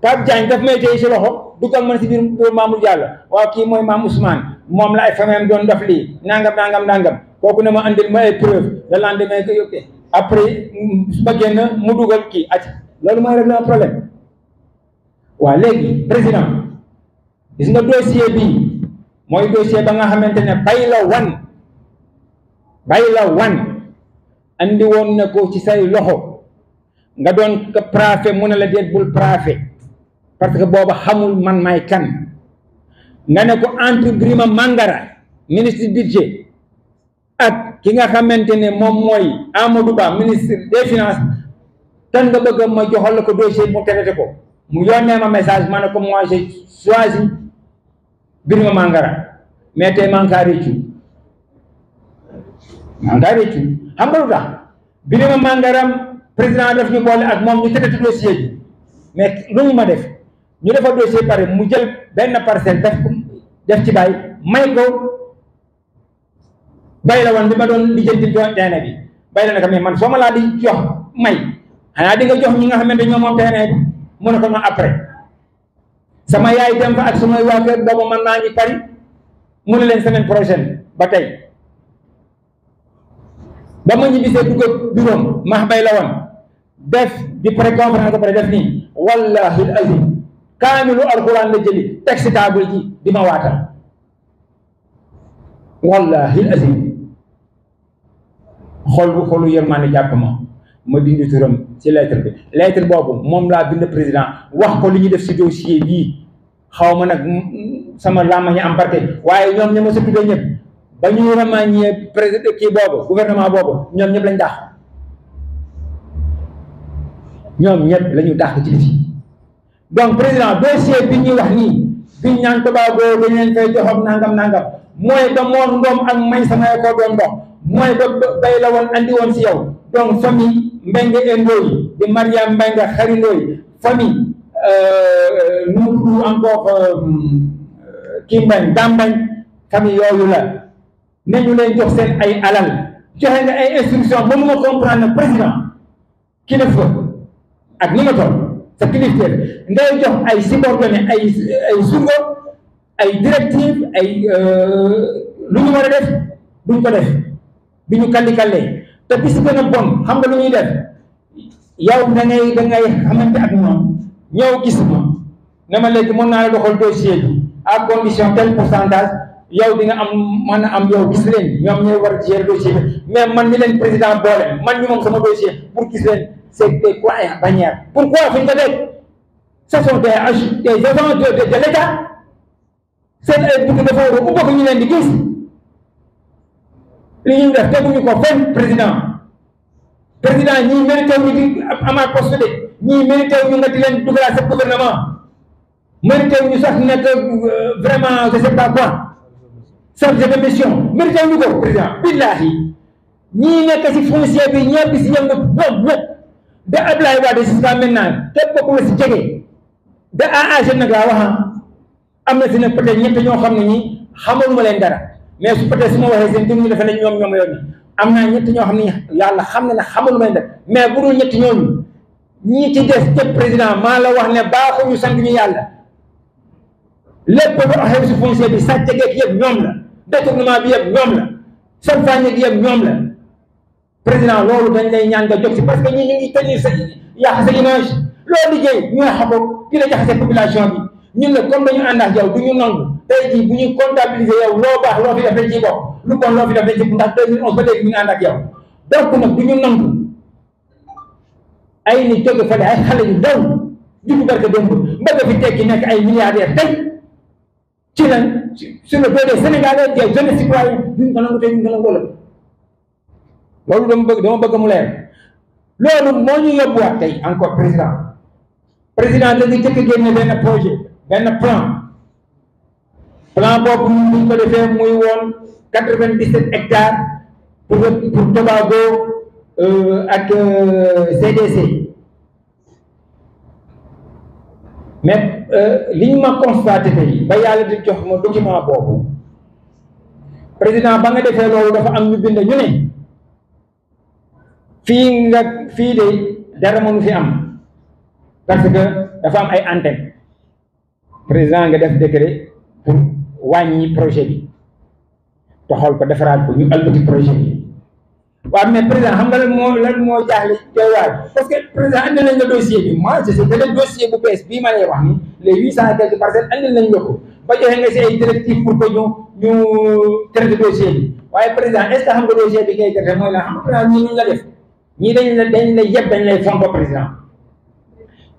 Pape Diagne daf may téye ci loxo duggal man si biir buur Mamour Diallo waaw kii mooy maam Ousmane moom la ay famem doon def lii nangam nangam nangam kooku ne ma andil ma ay preuve le lendemain ko yóbbee après mu dugal kii at loolu mooy régler problème waaw léegi président gis nga dossier bii mooy dossier ba nga xamante ne bay la wan bay la wan andi woon na ko ci say loxo nga doon prafe mu ne la déet bul prafe parce que booba xamul man maay kan nga ne ko entre Birima Mangara ministre budget ak ki nga xamante ne moom mooy Amadou Ba ministre des finances tan nga bëgg ma joxal la ko dossier mu traité ko mu yónnee ma message ma ne ko moi j'ai choisi Birima Mangara mais tey maa ngi kaa réccu maa ngi kaa réccu xam nga lu tax Birima président daf ñu boole ak moom ñu traité dossier bi lu ñu ma def ñu defa dossier pare mu jël benn parcelle def def ci bàyyi may ko bay la woon bi ma doon lijjanti doon terrain bi bay la naka mais man foo ma laa di jox may xanaa di nga jox ñi nga xamante ñoom moom terrain bi mu ne ko noonu après sama yaay dem fa ak samay waa kër boobu mën naa ngi Paris mu ne leen semaine prochaine ba tey ba ma ñibbisee dugg bureau maax bay la woon def di pré conférence ba pare def nii wallahi al kaamilu alxuraan la jëli teg si taabal ji di ma waatal wallahi azim xol bu xolu yërmaane jàpp ma ma dindi turam ci lettre bi lettre boobu moom laa bind président wax ko li ñu def si dossier bii xaw ma nag sama làmmañu am barke waaye ñoom ña ma sa tuddee ñëpp ba ñu remanié président kii boobu gouvernement boobu ñoom ñëpp lañ dàq ñoom ñëpp la ñu dàq ci liti donc président dossier bi ñuy wax nii biñ ñaan Tobago dañ leen fay joxoon nangam nangam mooy da moor ngoom ak may sama ko doon dox mooy da day la woon andi woon si yow donc famille Mbengue et Ndoye di Mariam Mbengue Khary Ndoye famille euh, nu mu tudd encore euh, kii Mbengue Dame Mbengue la ne ñu leen jox seen ay alal joxe nga ay instruction ba mu nga comprendre président kilifa ak ni nga toll sa kilifteef ngay jox ay subordonné ay ay surgo ay directive ay euh, lu ñu war a def duñ ko def bi ñu kalli kallee te bi si bon xam nga lu ñuy def yow da ngay da ngay xamante ak moom ñëw gis ma ne ma léegi naa la doxal dossier bi à condition tel pourcentage yow di nga am mën am yow gis leen ñoom ñooy war a gérer dossier man ni leen président boole man ñu moom sama dossier pour gis leen c'était quoi un bagnard Pourquoi vous ne Ce sont des agents de, de, de l'État. C'est le euh, bouc de foro bu bokk ñu leen di gis li ñuy def teguñu ko fenn président président ñii mérité ñu di amaat poste de ñii mérité ñu nga di leen dugalal sa gouvernement mérité ñu sax nekk euh, vraiment je sais pas quoi chargé de mission mérité ñu ko président billahi ñii nekk si foncier bi ñëpp si yëngu bopp bopp da Abdoulaye Wade jusqu'à maintenant képp ku la si jege da AAG nag a wax am na si nag peut ñett ñoo xam ne ñi xamul ma leen dara mais su peut-être su ma waxee ñoom ñoom yoon ni am naa ñett ñoo xam ne yàlla xam na ne xamul ma ne dara mais bu dul ñett ñooñu ñii ci képp président maa la wax ne baaxuñu sant ñu yàlla lépp lu xew si foncier bi sàcc geeg yëpp ñoom la détournement bi yëpp ñoom la salfaañe gi yëpp ñoom la. président loolu dañ lay ñaan nga jóg si parce que ñi ñu ngi tenir sa yàq sa image loolu liggéey ñu yàq ko di la jaxase population bi ñun ne comme dañu ànd ak du ñu nangu tey jii bu ñuy comptabiliser yow loo baax loo fi def dañ ciy bokk lu bon loo fi def dañ ciy ndax 2011 ba ñu ngi ànd ak yow donc du ñu nangu ay ni jóge fële ay xale yu daw di ko barke démb mbëgg fi tekki nekk ay milliardaire tey ci lan su le dos des Sénégalais des jeunes citoyens duñ ko nangu tey duñ ko loolu dama bëgg dama bëgg mu leer loolu moo ñu yóbbuwaat tey encore président président dañu jëkk génne benn projet benn plan plan boobu ñu ko defee muy woon quatre vingt dix sept hectares pour pour Tobago euh, ak CDC euh, mais euh, li ñu ma constaté tey ba yàlla di jox ma document boobu président ba nga defee loolu dafa am ñu bind ñu ne fii nga fii de dara mënu fi am parce que dafa am ay antenne président nga def décret pour wàññi projet bi toxal ko defaraat ko ñu ëllëg projet bi waaw mais président xam nga lan moo lan moo jaaxle teewaay parce que président andi nañ la dossier bi moi je sais que le dossier bu bees bii ma lay wax ni les huit cent quelques parcelles andi nañ la ko ba joxe nga si ay directive pour que ñu ñu traité dossier bi waaye président est ce que xam nga dossier bi ngay traité mooy la xam nga président ñii ñu la def. ñii dañ la dañ lay yeb dañ lay fonk président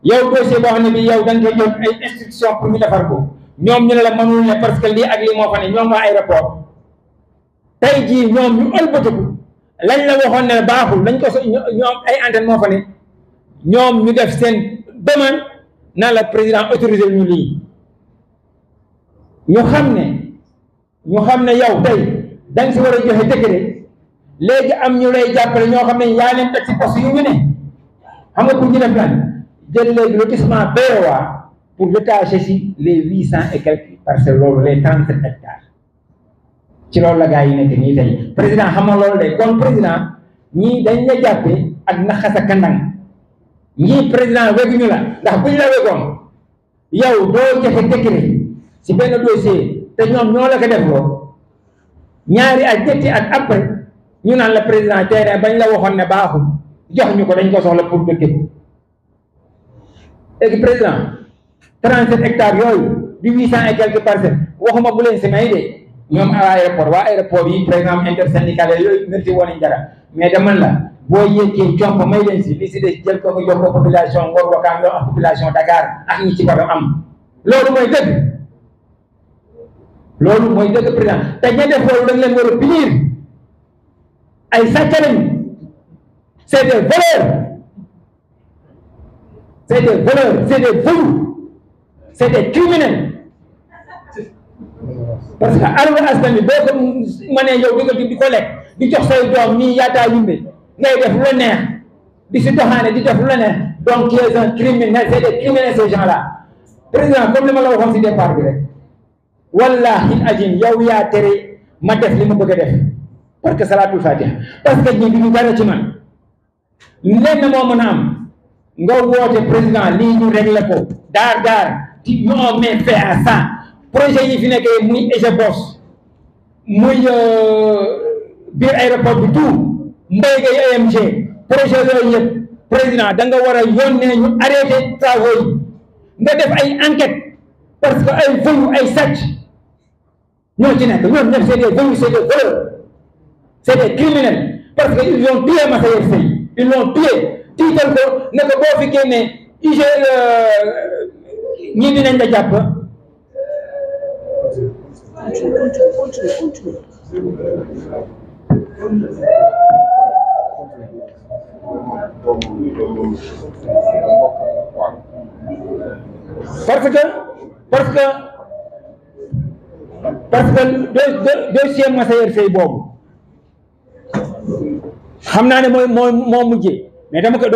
yow dossier boo xam ne bi yow dañ koy jot ay instruction pour ñu defar ko ñoom ñu ne la mënul ne parce que lii ak lii moo fa ne ñoom waa aéroport tey jii ñoom ñu lañ la waxoon ne dañ ko so ñoom ay antenne moo fa ne ñoom ñu def seen demande naa la président autorisé ñu lii ñu xam ne ñu xam ne yow tey dañ si war a joxe décret léegi am ñu lay jàppale ñoo xam ne yaa leen teg ci poste yu ñu ne xam nga pour ñu def lan jël léegi lotissement BOA pour détacher si les huit cent et quelques parcelles loolu les trente hectares ci loolu la gaa yi nekk nii tey président xam nga loolu de kon président ñii dañ la jàppee ak naxas a kandang ñii président wegguñu la ndax bu ñu la weggoon yow doo jafe décret si benn dossier te ñoom ñoo la ko def loo ñaari ak ñetti ak après ñu naan la président terrain bañ la waxoon ne baaxul jox ñu ko dañ ko soxla pour dëkk bi léegi président 37 hectare yooyu di 800 et quelques parcelles waxuma bu leen si may de ñoom a aéroport waa aéroport yi par exemple intersyndical yooyu merci woon dara mais dama la boo yéegee jomp may leen si li si des jël ko ko jox ko population Ngor Wakaam ak population Dakar ak ñi ci war a am loolu mooy dëgg loolu mooy dëgg président te ña def loolu da nga leen ay sàcc lañ c'est des voleurs c'est des voleurs c'est des voyous c'est des criminels parce que alalu askan bi boo ko yow di ko di ko lekk di jox say doom ñii yaataa yumbe ngay def lu di si doxaane di def lu la neex donc tu es un criminel c'est des criminels ces gens-là président comme ma la waxoon si départ bi rek wallahi ajim yow yaa tere ma def li ma bëgg def parce que salaatul fatiha parce que ñi duñu dara ci man lenn moo mën a am nga woote président lii ñu réglé ko daar daar di ñu on met fin à yi fi nekkee muy EGEBOS muy euh, biir aéroport bi tout mbéy gay AMG projet yooyu yëpp président da nga war a yónnee ñu arrêté travaux yi nga def ay enquête parce que ay voyu ay sàcc ñoo ci nekk ñoom ñëpp c'est des voyu c'est des c'est des parce que ils ont tué Massayer Seye ils l'ont tué tiital ko ne boo fi génnee IG euh, ñii dinañ la jàpp parce que parce que parce que dossier Massayer Seye boobu xam naa ne mooy moo moo mujjee mais dama ko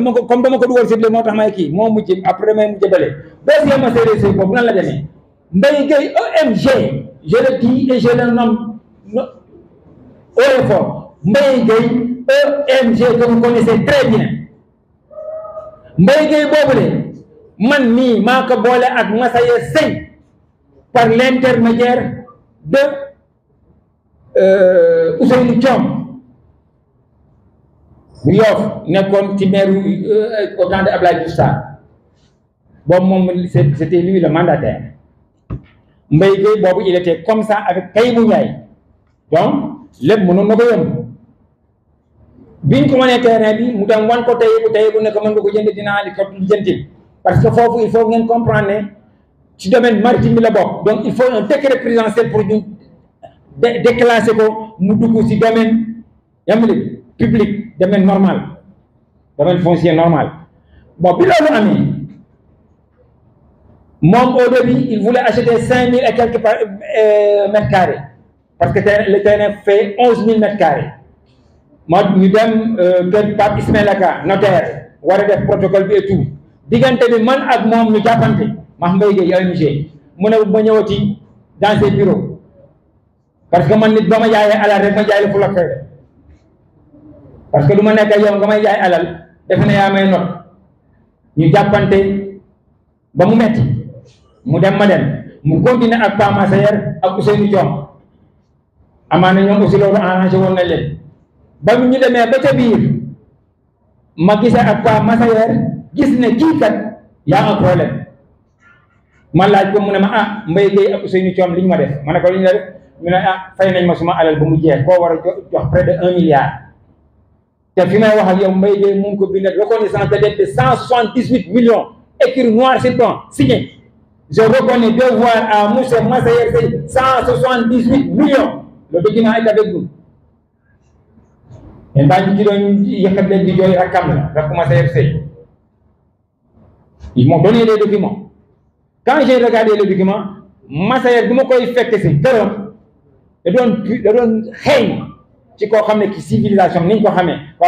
dama ko dugal si moo tax may kii moo mujjee après may mujjee bële deuxième série si boobu nan la demee Mbaye Gueye EMG je le dis et je le nomme haut et fort Mbaye Gueye EMG très bien Mbaye Gueye boobule man mi maa ko boole ak Massaye Sèye par l' intermédiaire de euh, Ousseynou Thiam bu yoof nekkoon ci maire euh, au temps de Abdoulaye Diouf Sarr boobu moom c'était lui le mandataire Mbaye Gueye boobu il était comme ça avec Kaïbou Ndiaye donc lépp mënoon na bi yónni biñ ko mënee terrain bi mu dem wan ko Taïbu Taïbu ne ko mën nga ko jënd dinaa li ko jëndi parce que foofu il faut ngeen comprendre ne ci domaine maritime bi la bokk donc il faut un décret présidentiel pour ñu déclasser ko mu dugg ci domaine yam public domaine normal domaine foncier normal bon bi amee moom au début il voulait acheter cinq mille euh, parce que le terrain fait onze mille ma ñu dem euh, kër Pape Ismaïla Ka notaire war a def protocole bi et tout diggante man ak moom ñu jàppante Max Mbaye Gueye ONG mu ne ma ñëwati dans ses bureaux parce que man nit ba ma jaayee ma jaay la fu la parce que du ma nekk ak yow nga may jaay alal defe na yaa may not ñu jàppante ba mu metti mu dem ma dem mu continuer ak Pa Massayer ak Ousseynou Diom amaana ñoom aussi loolu arrangé woon na leen ba ñu demee ba ca biir ma gisee ak Pa Massayer ne kii kat yaa un ma laaj ko mu ne ma ah Mbaye Gueye ak Ousseynou Diom li ñu ma def ma ne ko li ñu la def ne ah fay nañ ma suma alal ba mu jeex koo war a jox près de un milliard te fi may wax ak yow Mbaye Dièye ko bind reconnaissance de dette de cent soixante dix huit millions écrit noir sur blanc signé je reconnais devoir à monsieur Massayer Seye cent soixante dix millions le document est avec nous mais mbaa ñu ci doon yëkkat leen di jooy rakkam la rakku Massayer Seye ils m'ont donné les documents quand j'ai regardé les documents Massayer bi ma koy fekk si këram da doon da ci koo xam ne ki civilisation ni ko koo xam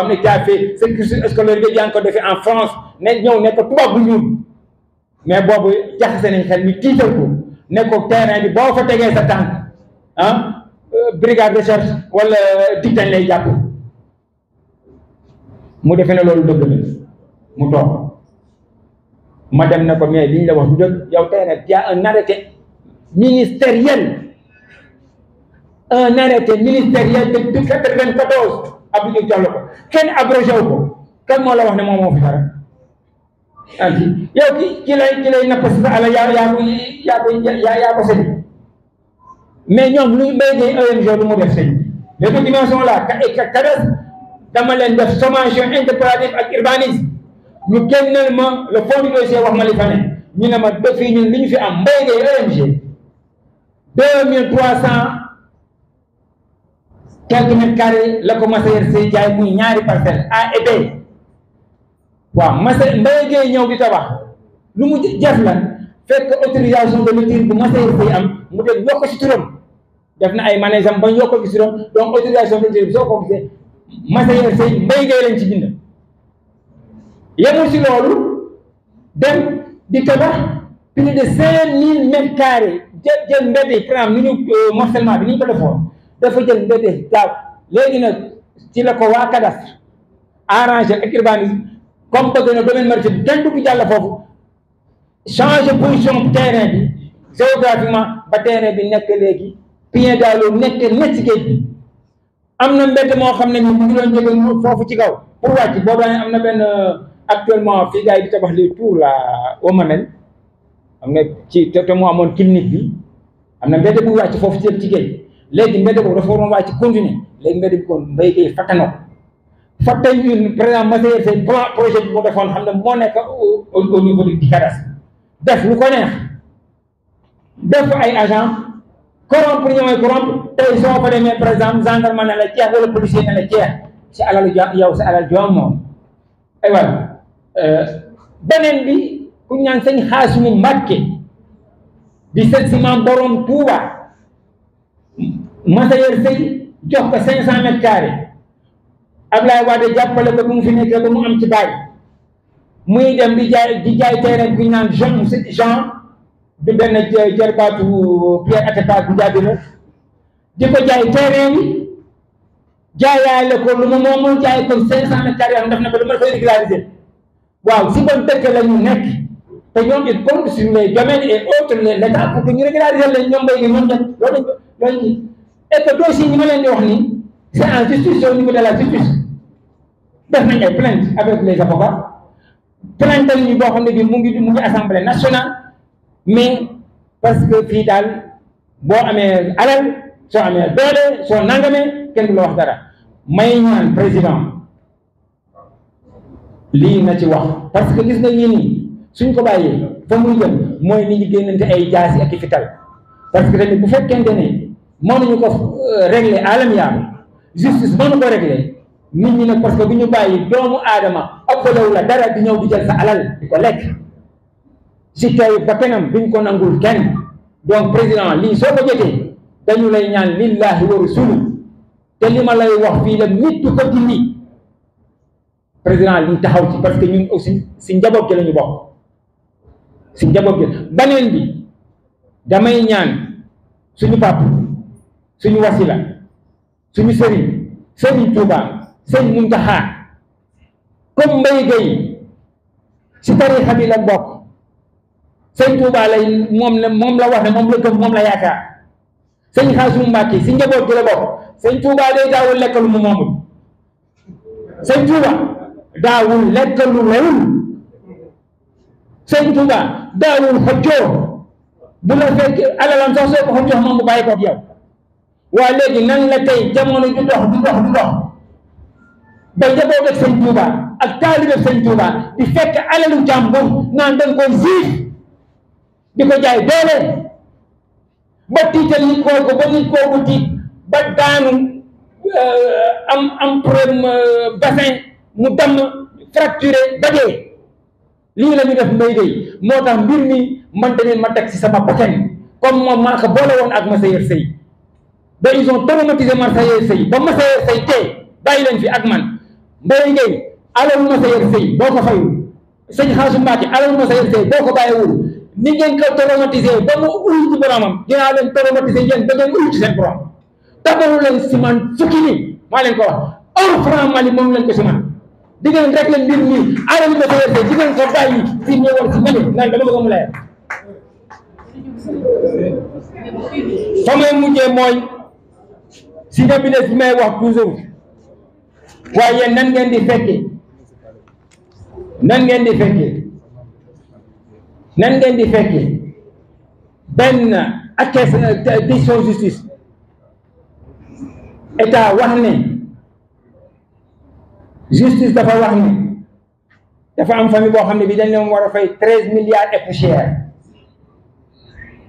ne jaafee sa culture scolaire bi yaa ngi ko defee en France ne ñëw ne ko tubaab bu ñuul mais boobu jaxase nañ xel mi tiital ko ne ko terrain bi boo fa tegee sa tànk ah euh, brigade recherche wala dig euh, dañ lay jàpp mu defe ne loolu dëgg la mu toog ma dem ne ko mais liñ la wax du dëgg yow tey nag y a un ministériel un arrêté ministériel de 94 Abdou Diouf jox la ko kenn abrogé ko kan moo la wax ne moom moo fi dara anti yow ki ki lay ki lay napp si sa alal yaa yaa koy yaa koy yaa ko sëñ mais ñoom lu béy day ONG du mu def sëñ les deux dimensions là ka CADES dama leen def sommation interprétative ak urbanisme ñu génneel ma le fond du dossier wax ma li fa ñu ne ma ba fii ñun li fi am mbéy day ONG deux mille quelques mètres carrés la ko Massaër Sèye jaay muy ñaari parcelle A et waaw Massaër Mbaye ñëw di tabax lu mu jëf la fekk autorisation de lecture bu Massaër Sèye am mu dem yokk ci def na ay manège am ba ñu yokk ci turam donc autorisation lañ ci bind yemul ci loolu dem di tabax plus de cinq mille mètres carrés jël jël mbedd yi tram ni ñu euh, morcellement bi ni ñu ko defoon dafa jël mbedd daaw léegi nag ci la ko waa cadastre arrangé ak urbanisme comme bëgg na domaine marché bi kenn du jàll foofu changer position terrain bi géographiquement ba terrain bi nekk léegi Pien daaloo nekk nekk ci géej bi am na mbedd moo xam ne ñu ngi doon jóge foofu ci kaw pour wàcc boobu am na benn euh, actuellement fii gars yi di tabax les tours là au am na ci te te mu amoon clinique am na mbedd bu foofu ci ci géej léegi mbedd boobu dafa waroon waa ci continuer léegi mbedd bi kon mbéy kay fàtte na ko fàtte ñu président Massiré Sène plan projet bi mu defoon xam ne moo nekk au niveau du def lu ko neex def ay agent corrompre ñi mooy corrompre tey soo la jeex wala policier ne la jeex si alalu jo yow si alal joom moom ay waay euh, beneen bi ku ñaan sëñ Xaasimu di seet si maam borom Tuuba masa yor sëy jox ko cinq cent mètres carrés Ablaye Wade jàppale ko bu mu fi nekkee ba mu am ci baay muy dem di jaay di jaay terrain bi ñu naan Jean Jean di benn jarbaatu Pierre a bu jaabina di ko jaay terrain bi jaayaale ko lu ma moomu jaay ko cinq cent mètres carrés am def na ko dama koy régulariser waaw si bon dëkk la ñu nekk te ñoom ils comptent sur les domaines et autres les l'État pour que ñu régulariser leen ñoom béy gi ñoom ñoom loolu loolu et que dossier ñi ma leen di wax ni c' est en justice au niveau de la justice def nañ ay plainte avec les avocats plainte ñu boo xam ne bi mu ngi mu ngi assemblée nationale mais parce que fii daal boo amee alal soo amee doole soo nangamee kenn du la wax dara may ñaan président lii na ci wax parce que gis na ñii nii suñ ko bàyyee fa muy jëm mooy nit ñi génnante ay jaasi ak i fital parce que tamit bu fekkente ne mënuñu ko euh, régler alam yaam justice mënu ko régler nit ñi parce que bu ñu bàyyi doomu aadama ëppalewu la dara di ñëw di jël sa alal di ko lekk si tey ba kanam duñ ko nangul kenn donc président lii soo ko jotee dañu lay ñaan lillahi wa rasulu te li ma lay wax fii la nit du ko dindi président liñ taxaw ci parce que ñun aussi si njaboot gi la ñu bokk si njaboot gi baneen bi damay ñaan suñu papa suñu wasila suñu sëriñ sëriñ Tuuba sëriñ Muntaxa comme Mbaye Gueye si tarixa bi la bokk sëriñ Tuuba lay moom la moom la wax ne moom la gëm moom la yaakaar sëriñ Xaasum Mbàkke si njaboot gi la bokk sëriñ Tuuba day daawul lekk lu mu moomul sëriñ Tuuba daawul lekk lu reyul sëriñ Tuuba daawul xëccoo bu la fekk alalam sax soo ko xëccoo moom bu bàyyi ko ak waa léegi nan la tey jamono ju dox du dox du dox ba njaboot ak sëñ Tuuba ak taalibe sëñ Tuuba di fekk alalu jàmbur naan dañ koy siif di ko jaay doole ba tiital nit kooku ba nit kooku tiit ba daanu euh, am am problème euh, bassin mu damm fracturé ba dee lii la ñu def mbay day moo tax mbir mi man tamit ma teg si sama bakkan comme moom maa ka boole woon ak ma sëyër sëy ba ils ont traumatisé Marseillais Seye ba Marseillais Seye tey bàyyi leen fi ak man Mbaye Gueye alalu Marseillais Seye boo ko fayul sëñ Xaasu Mbacke alalu Marseillais Seye boo ko bàyyiwul ni ngeen ko traumatisé ba mu uyu ci boromam dinaa leen traumatisé yéen ba ngeen uyu ci seen borom tabalu leen si man fukki nii ko wax or Mali moom lañ ko si man di ngeen rek leen mbir mi alalu Marseillais Seye di ngeen ko bàyyi si ñëwoon si Mali naan dama bëgg mu si le ministre bi may wax toujours waaye nan ngeen di fekke nan ngeen di fekke nan ngeen di fekke benn accès décision justice wax ne justice dafa wax ne dafa am famille boo xam ne bi dañ war a fay treize milliards e poussière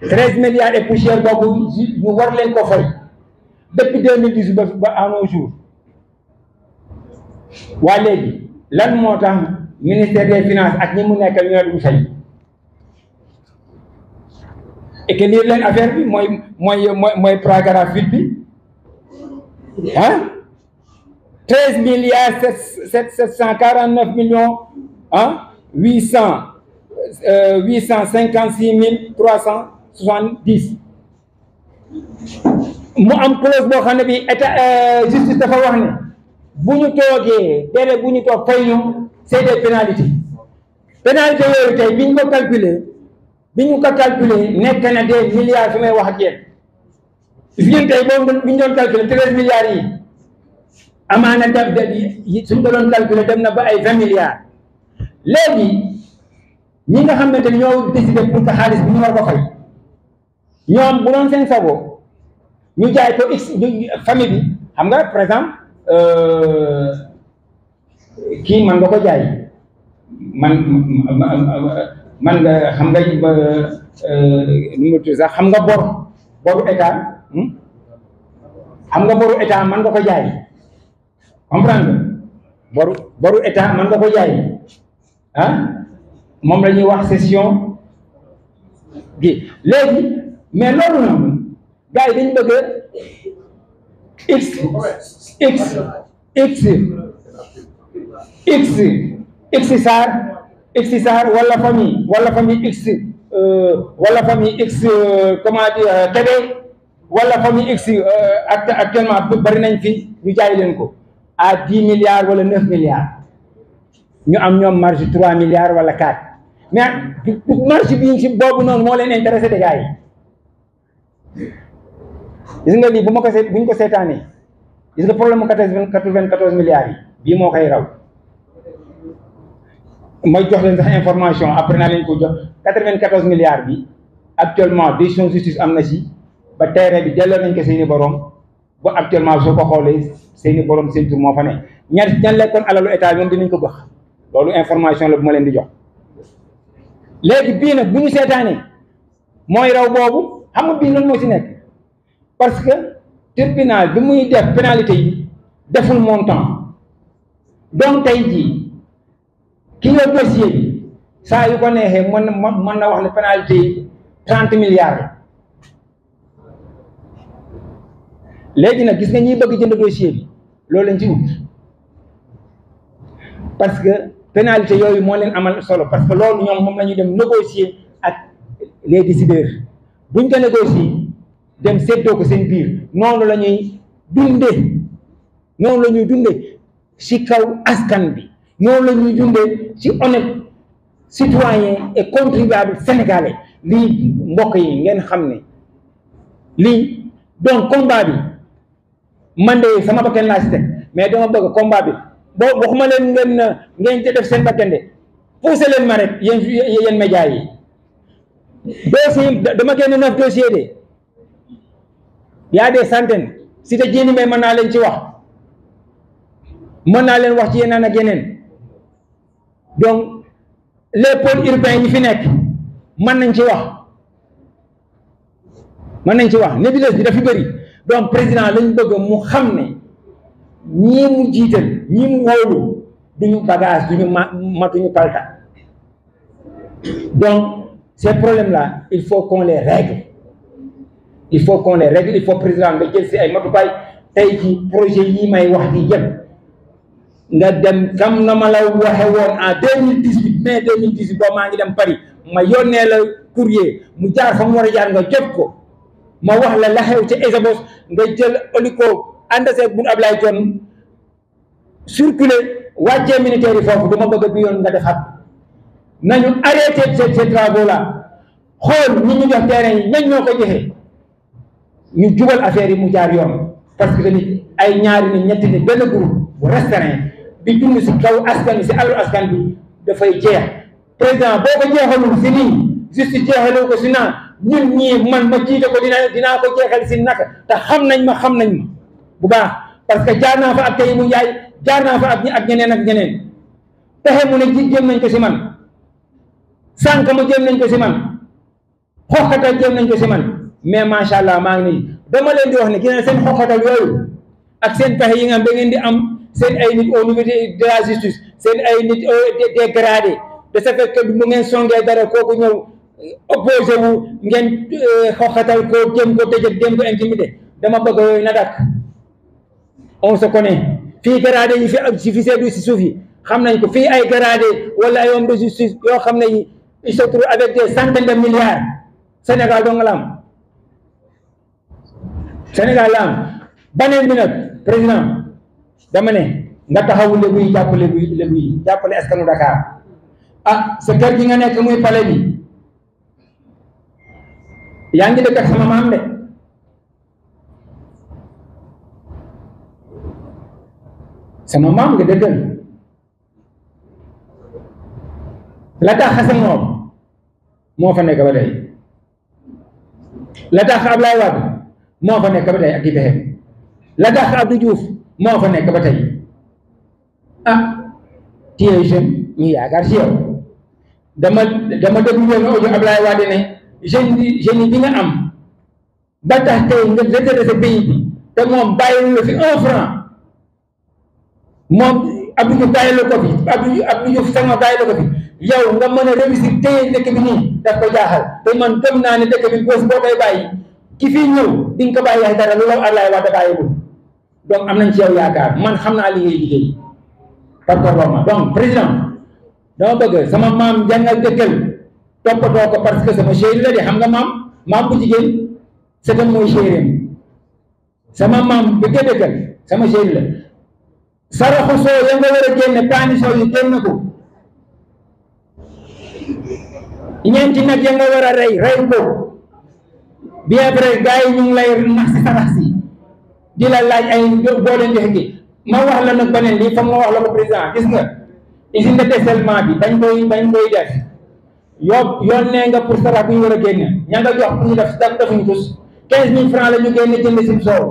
treize milliards et poussière boobu ñu war leen ko fay depuis deux mille dix ba ba à nos waa léegi lan moo tax ministère des finances ak ñi mu nekk ñu ne du fay et que leen affaire bi mooy mooy mooy paragraphe bi ah treize milliards sept sept sept cent quarante neuf millions ah huit cent euh, trois cent soixante dix mu am clause boo xam ne bi état euh, justice dafa wax ne bu ñu toogee délai bu ñu toog fay ñu c'est des pénalités yooyu tey bi ñu calculer bi ñu ko calculer nekk na des fi may wax ak yéen fi ñun tey boobu bi ñu doon calculer treize milliards yi amaana daf de suñ ko doon calculer dem na ba ay vingt milliards léegi ñi nga xam ne ñoo décidé pour que xaalis bi ñu war ko ñoom bu doon sago ñu jaay ko famille bi xam nga par exemple euh, kii man nga ko jaay man man nga xam nga euh, sax xam nga bor boru état hmm? xam nga boru état man nga ko jaay comprendre nga boru boru état man nga ko jaay ah moom la wax session gi léegi mais loolu noonu gars yi dañ bëgg x x x x x saar x saar wala famille wala famille x euh, wala famille x euh, comment dire euh, tebe wala famille x actuellement bari nañ fi ñu jaay leen ko à dix milliards wala neuf milliards ñu am ñoom marge trois milliards wala quatre mais marge bi ci boobu noonu moo leen intéressé de gars yi gis nga lii bu ma ko see bu ñu ko seetaanee gis nga problème mu quatre-vingt-quatorze milliards yi bii moo koy raw may jox leen sax information après naa leen ko jox quatre-vingt-quatorze milliards bi actuellement décision justice am na si ba terrain bi delloo nañ ko seeni borom ba actuellement soo ko xoolee seeni borom seen tur moo fa ne ñaar ñan lekkoon alalu état ñoom dinañ ko gox loolu information la bu ma leen di jox léegi bii nag bu ñu seetaanee mooy raw boobu. xam nga bii lan moo ci nekk parce que tribunal bi muy def pénalité yi deful montant donc tey jii ki nga dossier bi saa yu ko neexee na mën na wax ne pénalité yi trente milliards léegi nag gis nga ñii bëgg jënd dossier bi loolu lañ ci wut que pénalité yooyu moo leen amal solo parce que loolu ñoom moom la ñuy dem négocier ak les décideurs buñ ko négocier dem seddoo ko seen biir noonu la ñuy dunde noonu la ñuy dunde ci kaw askan bi noonu la ñuy dunde ci honnête citoyen et contribuable sénégalais lii mbokk yi ngeen xam ni lii donc combat bi man de sama bakkan laa si teg mais dama bëgg combat bi boo waxuma leen ngeen ngeen def seen bakkan de poussé leen ma rek yéen yéen médias yi dossier dama génne neuf dossier de y a des centaines si te jéeni may mën naa leen ci wax mën naa leen wax ci yeneen ak yeneen donc les pôles urbains yi fi nekk mën nañ ci wax mën nañ ci wax nébuleuse bi dafa bëri donc président lañ bëgg mu xam ne ñii mu jiital ñii mu wóolu duñu bagage duñu ma matuñu palta donc ces problèmes la il faut qu'on les règle il faut qu'on les règle il faut président nga jël si ay matukaay tey ci projet yi may wax ni yëpp nga dem kam na ma la waxe woon en deux mille dix huit maa ngi dem Paris ma yónnee la courrier mu jaar fa mu war a jaar nga jot ko ma wax la la xew ca nga jël oliko ànd seeg bu Ablaye Dione circulé wàccee militaire yi foofu dama bëgg bi yoon nga defaat nañu arrêté ces travaux là xool ñu ñu jox terrain yi ñañ ñoo ko joxe ñu jubal affaire yi mu jaar yoon parce que tamit ay ñaari ni ñetti ni benn groupe bu restreint bi dund si kaw askan bi si àllu askan bi dafay jeex président boo ko jeexalul si nii juste jeexaloo ko si naa ñun ñii man ma jiite ko dina dinaa ko jeexal si naka te xam nañ ma xam nañ ma bu baax parce que jaar naa fa ak tey mu yaay jaar naa fa ak ñi ak ñeneen ak ñeneen pexe mu ne ji jëm nañ ko si man sànq ma jéem nañ ko si man xoxatal jéem nañ ko si man mais macha allah maa ngi nii dama leen di wax ne gis seen xoxatal yooyu ak seen pexe yi nga xam da ngeen di am seen ay nit au niveau de ay nit dégradé de ce fait que bu ngeen songee dara kooku ñëw opposé wu ngeen euh, xoxatal ko dama bëgg yooyu na dakk on se connaît fii yi fi ak si fi seddu si suuf yi xam nañ ko fii ay gradé wala ay homme de justice yoo xam ne yi il se trouve avec des centaines de milliards Sénégal dong la am Sénégal la am baneen bi nag président dama ne nga taxawu lébu yi jàpp lébu yi lébu yi jàppale askanu Dakar ah sa kër gi nga nekk muy palais bi yaa ngi dëkk ak sama maam de sama maam nga dëkkal la tax xasan moom moo fa nekk ba tey la tax Ablaye Wade moo fa nekk ba tey ak i pexeem la tax Abdou Diouf moo fa nekk ba tey ah téye jeune ñu yaakaar si yow dama dama déglu woon audio Ablaye ne jeune bi jeune bi nga am ba tax tey nga retraité sa pays bi te moom bàyyi la fi un franc moom Abdou Diouf bàyyi la ko fi Abdou Abdou Diouf sama bàyyi la ko fi yow nga man a réussir téye dëkk bi nii daf ko jaaxal te man gëm naa ne dëkk bi bés boo koy bàyyi ki ñëw di nga ko bàyyi ay dara loolu Ablaye Wade bàyyiwul donc am nañ ci yow yaakaar man xam naa li ngay liggéey par rapport donc président dama bëgg sama maam jàngal dëkkal toppatoo ko parce que sama chéri la de xam nga maam maam bu jigéen sëtam mooy chérim sama maam bi dëkkal sama chéri la saraxu soo ya nga war a génne paani soo yi génn ko ñeenti nag ya nga war a rey rey ko bien vrai gars yi ñu sarax si di la laaj ay boo leen joxe gi wax la nag beneen lii foog ma wax la ko président gis nga usine de dessalement bi dañ koy dañ koy def yob yoon nee nga pour sarax bu war a génne ña nga jox pour ñu def da quinze mille francs la ñu génne jënd sim soow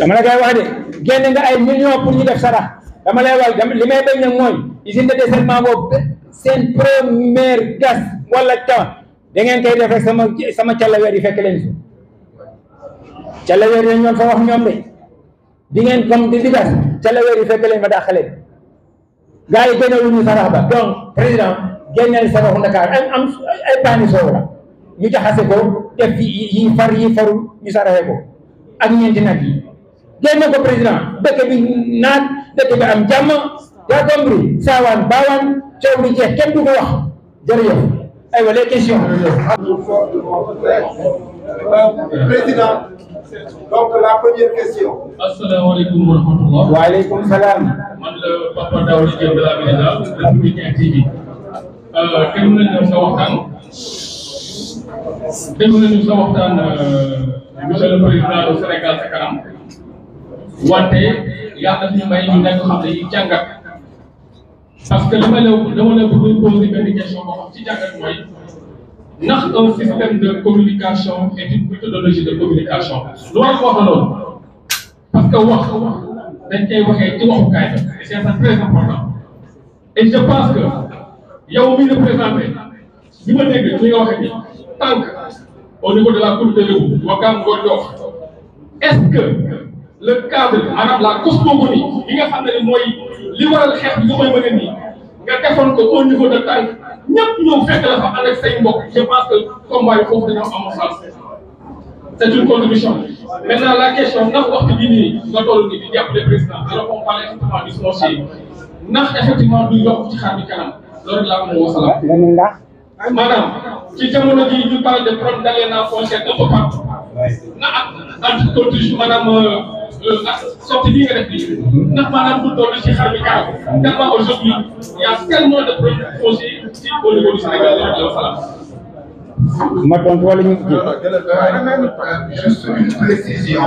dama la koy wax de génne nga ay millions pour ñu def sarax dama lay wax li may bañ nag mooy usine de dessalement boobu seen première gas wala taw da ngeen koy def rek sama sama calaweer yi fekk leen fi calaweer yi ñoom fa wax ñoom de di ngeen comme di di gas calaweer yi fekk leen ma daa xale bi gars yi sarax ba donc président génneel saraxu Ndakaar am am ay paani soow la ñu jaxase ko def yi far yi farul ñu saraxe ko ak ñeenti nag yi ko président dëkk bi naat dëkk bi am jàmm yaa compris saawaan baawaan coow bi jeex kenn du ko wax jërëjëf aywa les questions. président donc la première question. asalaamaaleykum wa rahmatulah. waaleykum salaam. man la Papa Daouda Diop de la Médina de Médina TV. Euh, déglu nañu sa waxtaan. déglu nañu sa waxtaan euh, monsieur le président du Sénégal sa kanam. wante yàlla ñu may ñu nekk xam ne yi jàngat. parce que li ma la dama la bëgg poser benn question boo mooy ndax un système de communication et une méthodologie de communication lu war wax loolu parce que wax dañ koy waxee ci waxukaay la et c'est très important et je pense que yow mi la bi ma dégg li nga waxee ni tant que au niveau de la communauté Lébu Ouakam est que le cadre maanaam la cosmogonie bi nga xam ne mooy li waral xeex bi nga koy mën a nga defoon ko au niveau de Taïf ñëpp ñëw fekk la fa ànd ak say mbokk je pense que combat yi foofu dañoo amoon sens c' est une contribution maintenant la question ndax waxtu bi nii nga toll nii di jàppale président alors qu'on parle effectivement du foncier ndax effectivement du yokk ci xaar bi kanam loolu laa mën a wasalaam. maanaam ci jamono ji ñu parle de problème d'aliénation foncière un peu partout na ak anti maanaam ak sotti bi nga def bi ndax maanaam du toll ci xar bi kaar tellement aujourd'hui il y a tellement de problèmes fonciers ci au niveau du Sénégal ma tontu wala ñu ngi ci. juste une précision.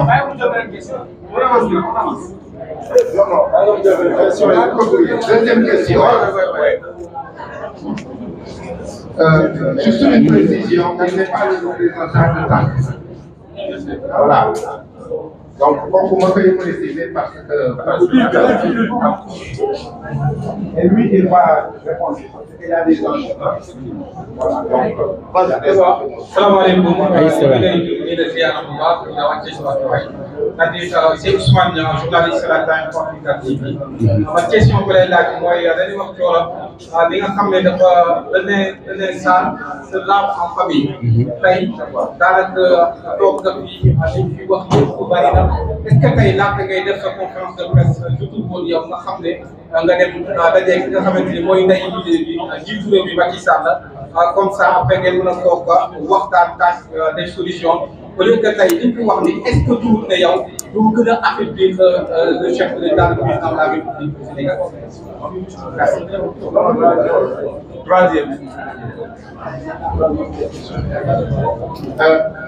deuxième question. Euh, juste une précision, elle n'est pas le représentant de TAC. Voilà. Donc, bon, comment que je préciser parce que... Euh, parce que... Et lui, il va répondre. salaamaaleykum. ay salaam. ñu ngi ziar bu baax di la wàccee si wàllu waay. c'est-à-dire c'est Ousmane Niang journaliste à la Time Africa TV. ma question bu lay laaj mooy dañuy wax ci wolof li nga xam ne dafa dañ ne dañ ne ça se lave en famille. tey daanaka toog nga fi wax yëpp bari na. est-ce que tey laata ngay def sa conférence de presse surtout woon yow nga xam ne euh, nga dem euh, dajeeg nga xamante mooy ndeyu liggéey bi euh, njiitu réew bi Macky Sall comme ça après a toog waxtaan des solutions au lieu que tey li ñu wax ni est-ce que tuut a de l'État le président de la République du Sénégal. troisième.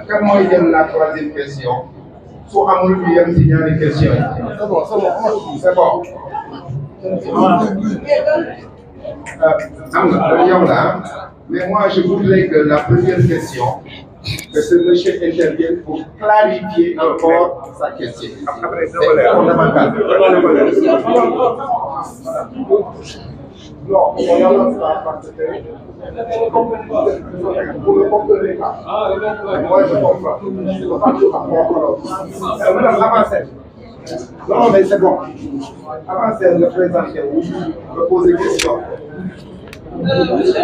kan mooy dem la troisième question. su amul ñu yem si ñaari question c'est bon xam euh, nga yow la mais moi je voudrais que la première question que ce monsieur intervienne pour clarifier encore sa question c'est fondamental No, vogliamo fare la parte come compro le case. Poi lo compro, lo faccio a poco. Allora l'avancelle. Non, mais c'est bon. Avancelle, le présenté, je pose des questions. man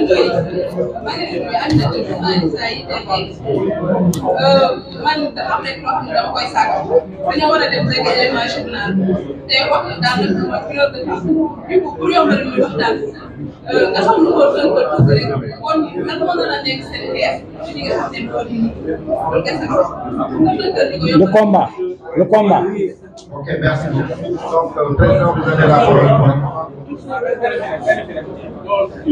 ma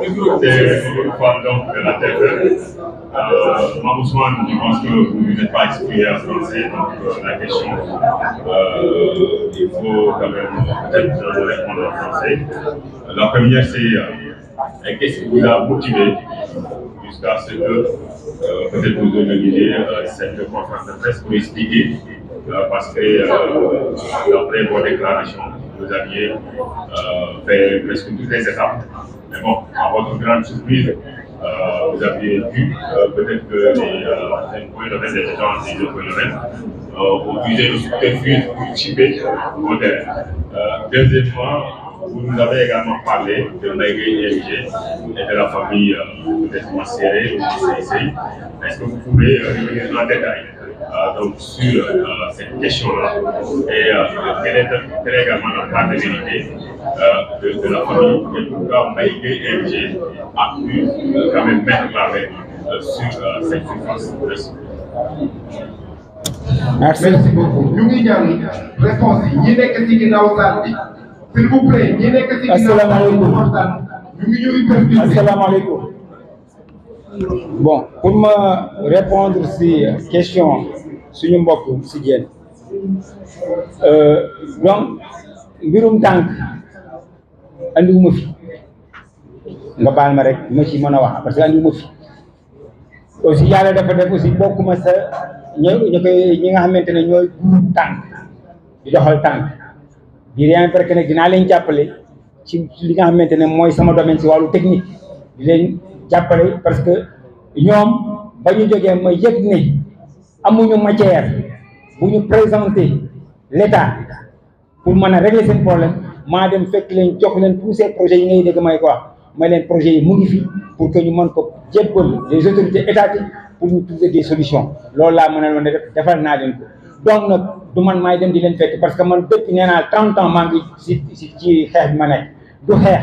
C'est une de la tête. Euh, malheureusement, je pense que vous n'êtes pas expliqué en français, donc la question, il faut quand même peut-être répondre en français. La première, c'est quest vous a motivé jusqu'à ce que peut-être vous organisez cette conférence de presse pour expliquer euh, parce que euh, après vos vous aviez euh, presque toutes les étapes Mais bon, à votre grande surprise, euh, vous aviez vu euh, peut-être que les euh, impôts de rêve, les gens des impôts de rêve, ont usé le subterfuge pour chipper vos terres. Deuxièmement, vous nous avez également parlé de Maïgé et de la famille euh, peut-être serrée ou Est-ce que vous pouvez revenir en détail donc sur euh, cette question-là et euh, quel est quel est également la part de vérité euh, de de la famille en tout cas Mbaye Gueye MG a pu quand même mettre la main sur cette surface. merci beaucoup ñu ngi ñaan réponse yi ñi nekk ci ginnaaw saal bi s'il vous plaît ñi nekk ci ginnaaw saal bi ñu ngi ñëw interview asalaamaaleykum bon pour me répondre si question suñu mbokk si jéen euh, donc mbirum tànk andiwuma fi nga baal ma rek ma ci mën a wax parce que andiwuma fi aussi yàlla dafa def aussi bokkuma sa ño ñu koy ñi nga xamante ne ñooy guur tànk di doxal tànk di rien parce que nag dinaa leen jàppale ci li nga xamante ne mooy sama domaine si wàllu technique di jàppale parce que ñoom ba ñu jógee ma yëg amuñu matière bu ñu présenter l'état pour mën a régler seen problème maa dem fekk leen jox leen tous ces projets yi ngay dégg may ko wax may leen projets yi mu ngi fi pour que ñu mën ko jébbal les autorités étatiques pour ñu trouver des solutions loolu laa mën a doon def defal naa leen ko donc nag du man maay dem di leen fekk parce que man depuis nee naa trente ans maa ngi si si ci xeex bi ma ne du xeex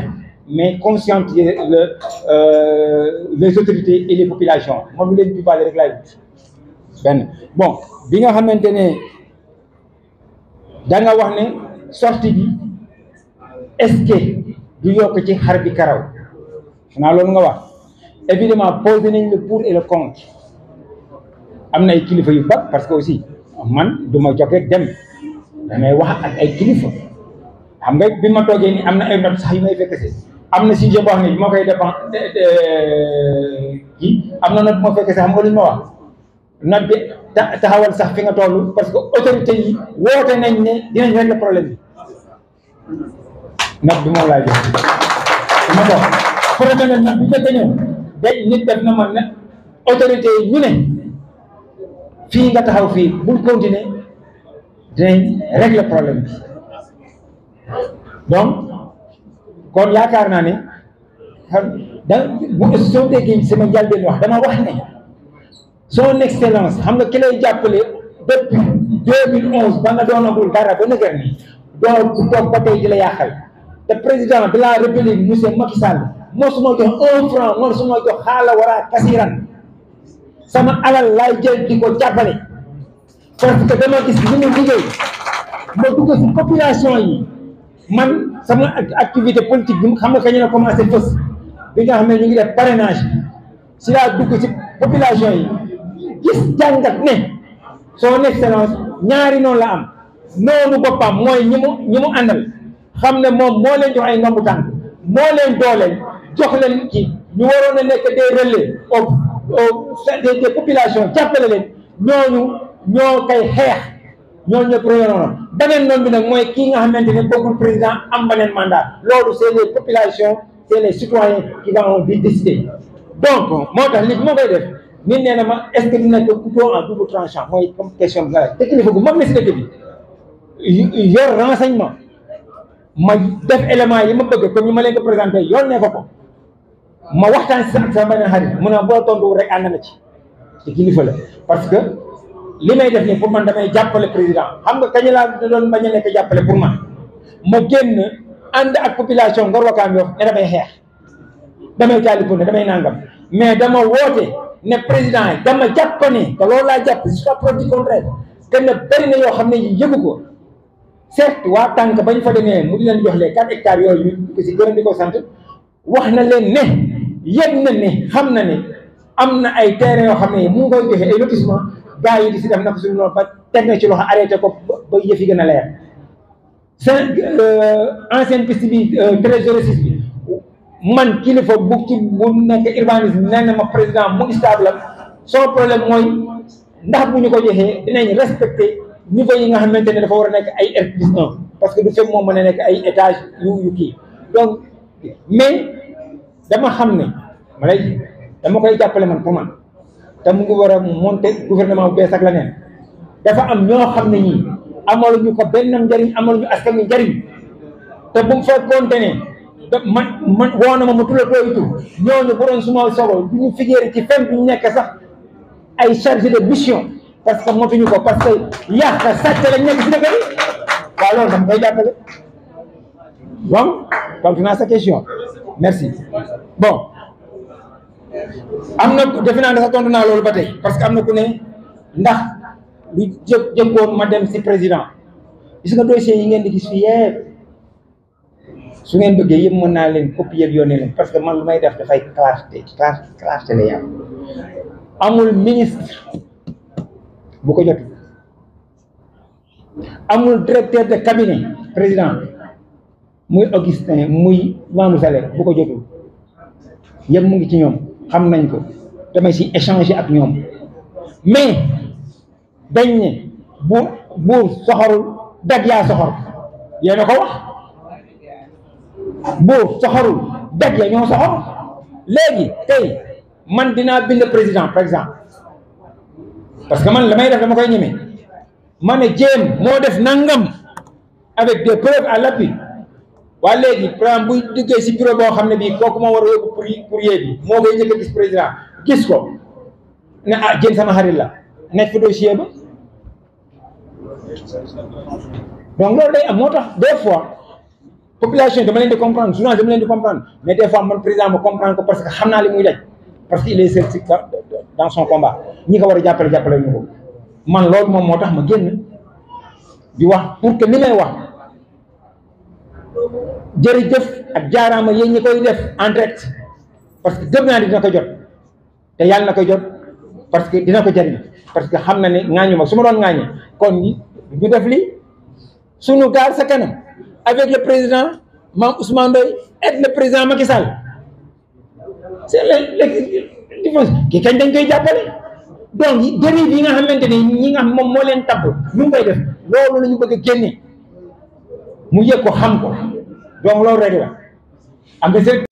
mais conscientiser le euh, les autorités et les populations moom leen di baale rek benn bon bi nga xamante ne da nga wax ne sortie bi est-ce du yokk ci xar bi karaw xanaa loolu nga wax évidemment posé nañ le pour et am na ay kilifa yu bag parce que aussi man du ma jóg wax ak ay kilifa xam nga bi ma toogee am na ay note sax si am na sujet boo xam ne ma koy euh, euh, kii am na note bu ma fekk ma wax noppi taxawal sax fi nga toll parce que autorité yi woote nañ ne dinañ régler problème bi du bi moom laa jox ma dox problème nag bu njëkk a nit def na man ne autorité yi ñu ne fii nga taxaw fii bul continuer dinañ régler problème bi donc kon yaakaar naa ne xam da soo déggee sama njëlbeen wax dama wax ne son excellence xam nga ki lay jàppale depuis 2011 ba nga doonagul dara ba nëgër ni doo bu ba tey di la yàqal te président de la république monsieur Macky moo su jox un franc moo su ma jox xaala waraa kasiran sama alal laay jël di ko jàppale parce que dama gis li mu liggéey ma dugg si population yi man sama activité politique bi xam nga kañ la commencé fës bi nga xam ne ñu ngi def parrainage si laa dugg si population yi gis jàngat ne son excellence ñaari noonu la am noonu boppam mooy ñi mu ñi xam ne moom moo leen jox ay ngambu tànk moo leen dooleel jox leen ci ñu waroon a nekk des relais au au des populations jàppale leen ñooñu ñoo koy xeex ñooñu ñëpp réeroon beneen noonu bi nag mooy kii nga xamante ne bokkul président am beneen mandat loolu c'est les populations c'est les citoyens qui vont di décider donc moo tax nit moo koy def. nit nee na ma est-ce que dina ko couteau en double tranchant mooy comme question bi nga laaj te kilifa gu ma def élément yi ma bëgg comme ma leen ko présenté yoon ne ko ko ma waxtaan si ak sama benn xarit mu ne boo tontu rek ànd na ci te kilifa la parce que li may def nii pour man damay jàppale président xam nga kañ laa doon bañ a nekk jàppale pour man ma génn ànd ak population Ngor Wakam Yoff ne damay xeex damay taalipoone damay nangam mais dama woote. ne président yi dama jàpp ne te loolu laa jàpp jusqu'à preuve du contraire te ne bëri na yoo xam ne yëgu ko certes waa tànk bañ fa demee mu di leen jox les quatre hectares yooyu ñu ko si gërëm di ko sant wax na leen ne yëg na ne xam na ne am na ay terrain yoo xam ne mu ngi koy joxe ay lotissement gars yi di si def na ko suñu noonu ba teg na ci loxo arrêté ko ba yëf yi gën a leer seen euh, ancienne piste bi euh, trésorier bi man kilifa bu ci bu nekk urbanisme nee na ma président mu stable la son problème mooy ndax bu ñu ko joxee dinañ respecté niveau yi nga xamante ne dafa war a nekk ay R parce que du fépp moo mën ay étage yu kii donc mais dama xam ne ma lay koy jàppale man pour man te mu ngi war a monter gouvernement bu bees ak la dafa am ñoo xam ne ñii amaluñu ko benn njariñ amaluñu askan wi njariñ te bu mu fekkoonte ne man man woo na ma mu tudd ak tur ñooñu bu doon suma sogo du ñu figérer ci fenn bi ñu sax ay chargé de mission parce que ñu ko parce que yàq sàcc lañ nekk si dëkk bi waaw loolu dama koy jàppale na defe naa loolu ba tey parce que am na ku ne ndax lu jë jëkkoon ma dem si président gis nga dossier yi ngeen di gis fii su ngeen bëggee yëpp mën naa leen copier yónnee leen parce que man lu may def dafay clarté clarté clarté la yàlla amul ministre bu ko jotu amul directeur de cabinet président muy Augustin muy Mamoussale bu ko jotul yëpp mu ngi ci ñoom xam nañ ko damay si échangé ak ñoom mais dañ ne bu buur soxorul dag yaa soxor yéena ko wax boo soxorul daj ya ñoo soxor léegi tey man dinaa bind président par exemple parce que man la may def dama koy ñeme ma ne jéem moo def nangam avec des preuves à l'appui waa léegi par exemple buy duggee si bureau boo xam ne bii kooku moo war a yóbbu courrier bi moo koy njëkk a gis président gis ko ne ah jéem sama xarit la nekk fi dossier ba donc loolu day am moo tax des fois population dama leen di comprendre journal dama leen di comprendre mais des fois man président ma comprendre ko parce que xam naa li muy daj parce que ñi ko war a jàppale jàppale ñu ko man loolu moom moo tax ma génn wax pour que li may wax jërëjëf ak jaaraama yéen ñi koy def en direct parce que naa ne dina ko jot te yàlla na ko jot parce que dina ko jariñ parce que xam na ne ŋaañu ma su ma doon ŋaañu kon ñu def li suñu gaar sa kanam avec le président Mame Ousmane Ndoye et le président Macky Sall c'est le différence ki kañ dañ koy jàppale donc dérive yi nga xamante ne ñi nga moom moo leen tabb ñu ngi def loolu la ñu bëgg a génne mu yég ko xam ko donc loolu rek la am nga